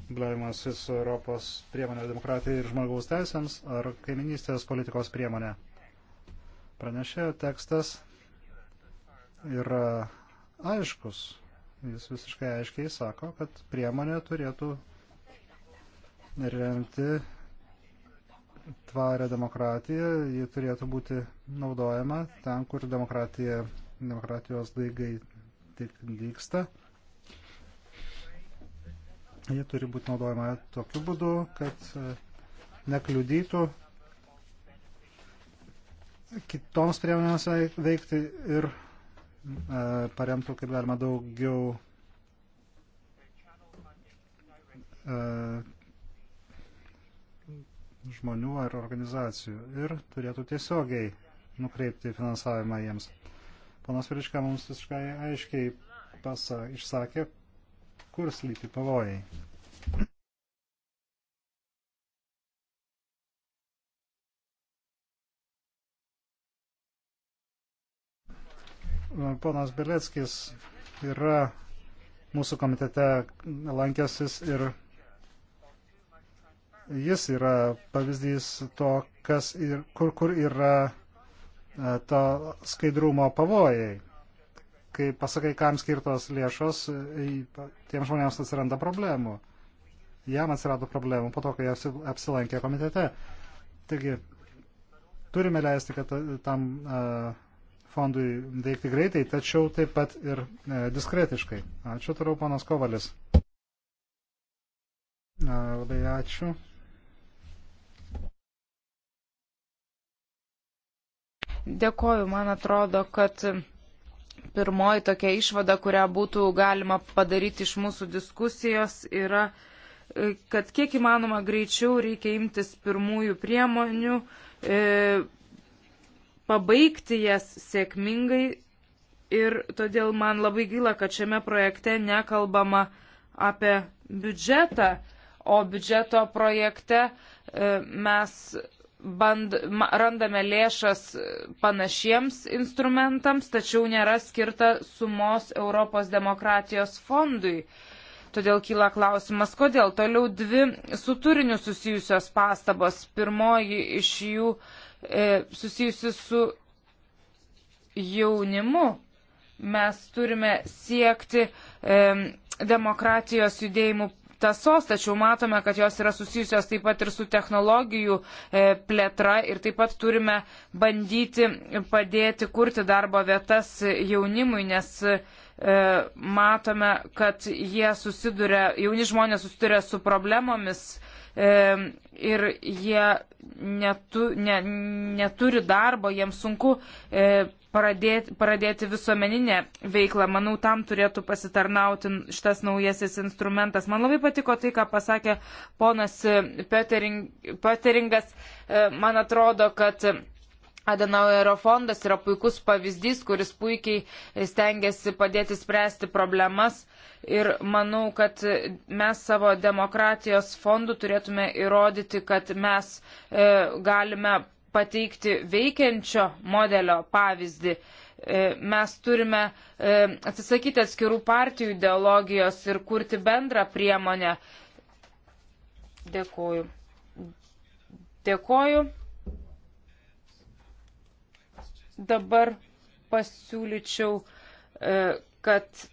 blavimasis Europos priemonė demokratijai ir žmogaus teisėms ar kaiminystės politikos priemonė. Pranešėjo tekstas yra aiškus. Jis visiškai aiškiai sako, kad priemonė turėtų remti tvarę demokratiją, ji turėtų būti naudojama ten, kur demokratija, demokratijos daigai tik vyksta. Ji turi būti naudojama tokiu būdu, kad e, nekliudytų kitoms priemonėms veikti ir e, paremtų kaip galima daugiau e, žmonių ar organizacijų ir turėtų tiesiogiai nukreipti finansavimą jiems. Panas Viliška mums visiškai aiškiai pasa, išsakė, kur slypi pavojai. Ponas Beleckis yra mūsų komitete lankęsis ir jis yra pavyzdys to, kas ir kur, kur yra e, to skaidrumo pavojai kai pasakai, kam skirtos lėšos, e, tiem žmonėms atsiranda problemų. Jam atsirado problemų po to, kai jie apsilankė komitete. Taigi, turime leisti, kad e, tam e, fondui veikti greitai, tačiau taip pat ir diskretiškai. Ačiū, turiu panas Kovalis. Labai ačiū. Dėkoju, man atrodo, kad Pirmoji tokia išvada, kurią būtų galima padaryti iš mūsų diskusijos, yra, e, kad kiek įmanoma greičiau reikia imtis pirmųjų priemonių, e, pabaigti jas sėkmingai ir todėl man labai gila, kad šiame projekte nekalbama apie biudžetą, o biudžeto projekte e, mes band, randame lėšas panašiems instrumentams, tačiau nėra skirta sumos Europos demokratijos fondui. Todėl kyla klausimas, kodėl. Toliau dvi su turiniu susijusios pastabos. Pirmoji iš jų e, susijusi su jaunimu. Mes turime siekti e, demokratijos judėjimų tasos, tačiau matome, kad jos yra susijusios taip pat ir su technologijų e, plėtra ir taip pat turime bandyti padėti kurti darbo vietas jaunimui, nes e, matome, kad jie susiduria, jauni žmonės susiduria su problemomis e, ir jie netu, ne, neturi darbo, jiems sunku pradėti, pradėti visuomeninę veiklą. Manau, tam turėtų pasitarnauti šitas naujasis instrumentas. Man labai patiko tai, ką pasakė ponas Petering, Peteringas. E, man atrodo, kad Adenauerio fondas yra puikus pavyzdys, kuris puikiai stengiasi padėti spręsti problemas. Ir manau, kad mes savo demokratijos fondų turėtume įrodyti, kad mes e, galime pateikti veikiančio modelio pavyzdį. E, mes turime e, atsisakyti atskirų partijų ideologijos ir kurti bendrą priemonę. Dėkuoju. Dėkuoju. Dabar pasiūlyčiau, e, kad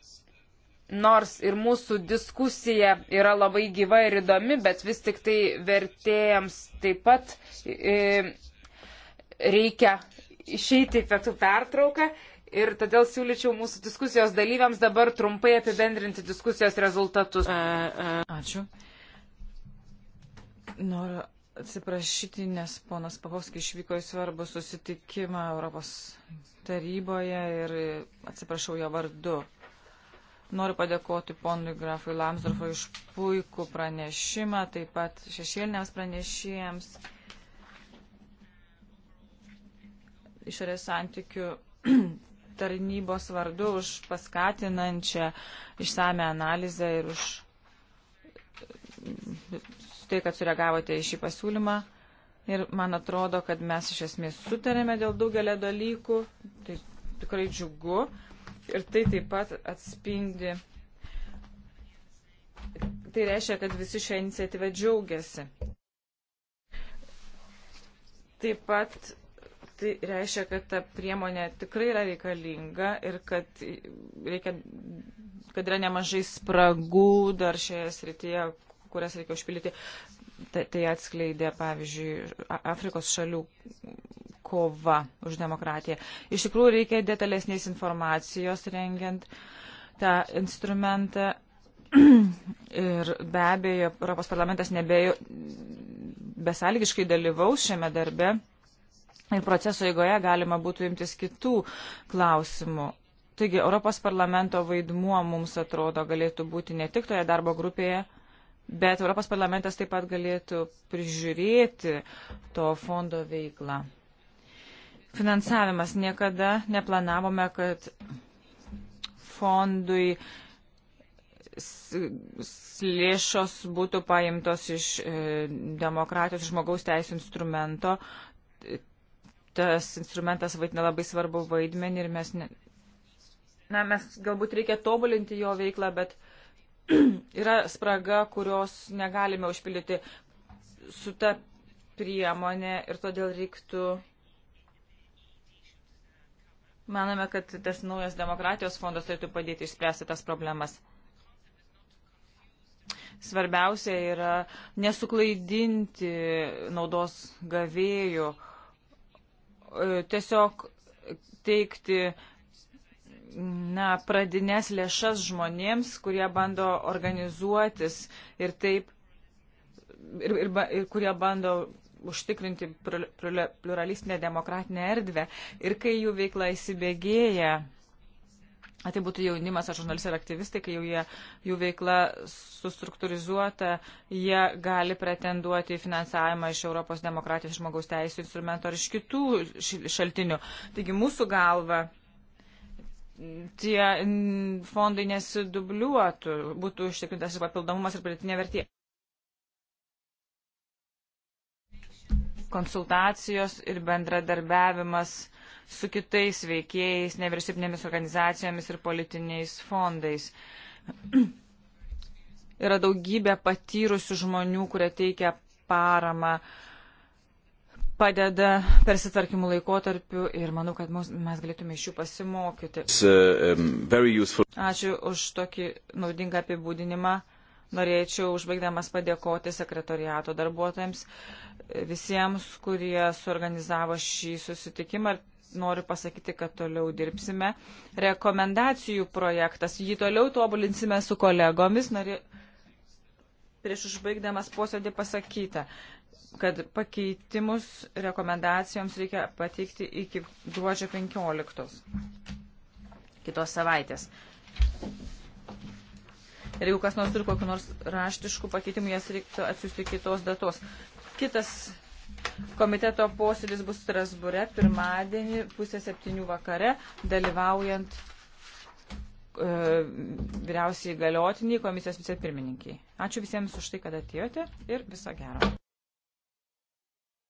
nors ir mūsų diskusija yra labai gyva ir įdomi, bet vis tik tai vertėjams taip pat reikia išeiti į pietų pertrauką ir todėl siūlyčiau mūsų diskusijos dalyviams dabar trumpai apibendrinti diskusijos rezultatus. Ačiū. Noriu atsiprašyti, nes ponas Pahovskis išvyko į svarbų susitikimą Europos taryboje ir atsiprašau jo vardu. Noriu padėkoti ponui Grafui Lamsdorfui už puikų pranešimą, taip pat šešėliniams pranešėjams išorės santykių tarnybos vardu už paskatinančią išsame analizę ir už mm, tai, kad sureagavote į šį pasiūlymą. Ir man atrodo, kad mes iš esmės sutarėme dėl daugelio dalykų. Tai tikrai džiugu. Ir tai taip pat atspindi. Tai reiškia, kad visi šią iniciatyvą džiaugiasi. Taip pat tai reiškia, kad ta priemonė tikrai yra reikalinga ir kad, reikia, kad yra nemažai spragų dar šioje srityje, kurias reikia užpildyti. Tai, tai atskleidė, pavyzdžiui, Afrikos šalių kova už demokratiją. Iš tikrųjų, reikia detalesnės informacijos rengiant tą instrumentą. Ir be abejo, Europos parlamentas nebėjo besąlygiškai dalyvaus šiame darbe ir proceso eigoje galima būtų imtis kitų klausimų. Taigi Europos parlamento vaidmuo mums atrodo galėtų būti ne tik toje darbo grupėje, bet Europos parlamentas taip pat galėtų prižiūrėti to fondo veiklą. Finansavimas niekada neplanavome, kad fondui lėšos būtų paimtos iš e, demokratijos žmogaus teisų instrumento, tas instrumentas vaidina labai svarbu vaidmenį ir mes, ne, na, mes galbūt reikia tobulinti jo veiklą, bet yra spraga, kurios negalime užpildyti su ta priemonė ir todėl reiktų Manome, kad tas naujas demokratijos fondas turėtų padėti išspręsti tas problemas. Svarbiausia yra nesuklaidinti naudos gavėjų, E, tiesiog teikti na, pradinės lėšas žmonėms, kurie bando organizuotis ir taip, ir, ir, ir kurie bando užtikrinti pluralistinę demokratinę erdvę. Ir kai jų veikla įsibėgėja, Ar tai būtų jaunimas, ar žurnalistai, ar aktyvistai, kai jau jie, jų veikla sustruktūrizuota, jie gali pretenduoti į finansavimą iš Europos demokratijos žmogaus teisų instrumento ar iš kitų šaltinių. Taigi mūsų galva tie fondai nesidubliuotų, būtų užtikrintas ir papildomumas ir pridėtinė vertė. Konsultacijos ir bendradarbiavimas su kitais veikėjais, nevyriausybinėmis organizacijomis ir politiniais fondais. Yra daugybė patyrusių žmonių, kurie teikia paramą, padeda persitarkimų laikotarpiu ir manau, kad mus, mes galėtume iš jų pasimokyti. Uh, um, Ačiū už tokį naudingą apibūdinimą. Norėčiau užbaigdamas padėkoti sekretoriato darbuotojams, visiems, kurie suorganizavo šį susitikimą ir noriu pasakyti, kad toliau dirbsime. Rekomendacijų projektas. Jį toliau tobulinsime su kolegomis. Nori... Prieš užbaigdamas posėdį pasakyta, kad pakeitimus rekomendacijoms reikia pateikti iki gruodžio 15 kitos savaitės. Ir jeigu kas nors turi kokiu nors raštiškų pakeitimų, jas reiktų atsiųsti kitos datos. Kitas Komiteto posėdis bus Strasbūre pirmadienį pusę septynių vakare, dalyvaujant e, vyriausiai galiotiniai komisijos vicepirmininkiai. Ačiū visiems už tai, kad atėjote ir viso gero.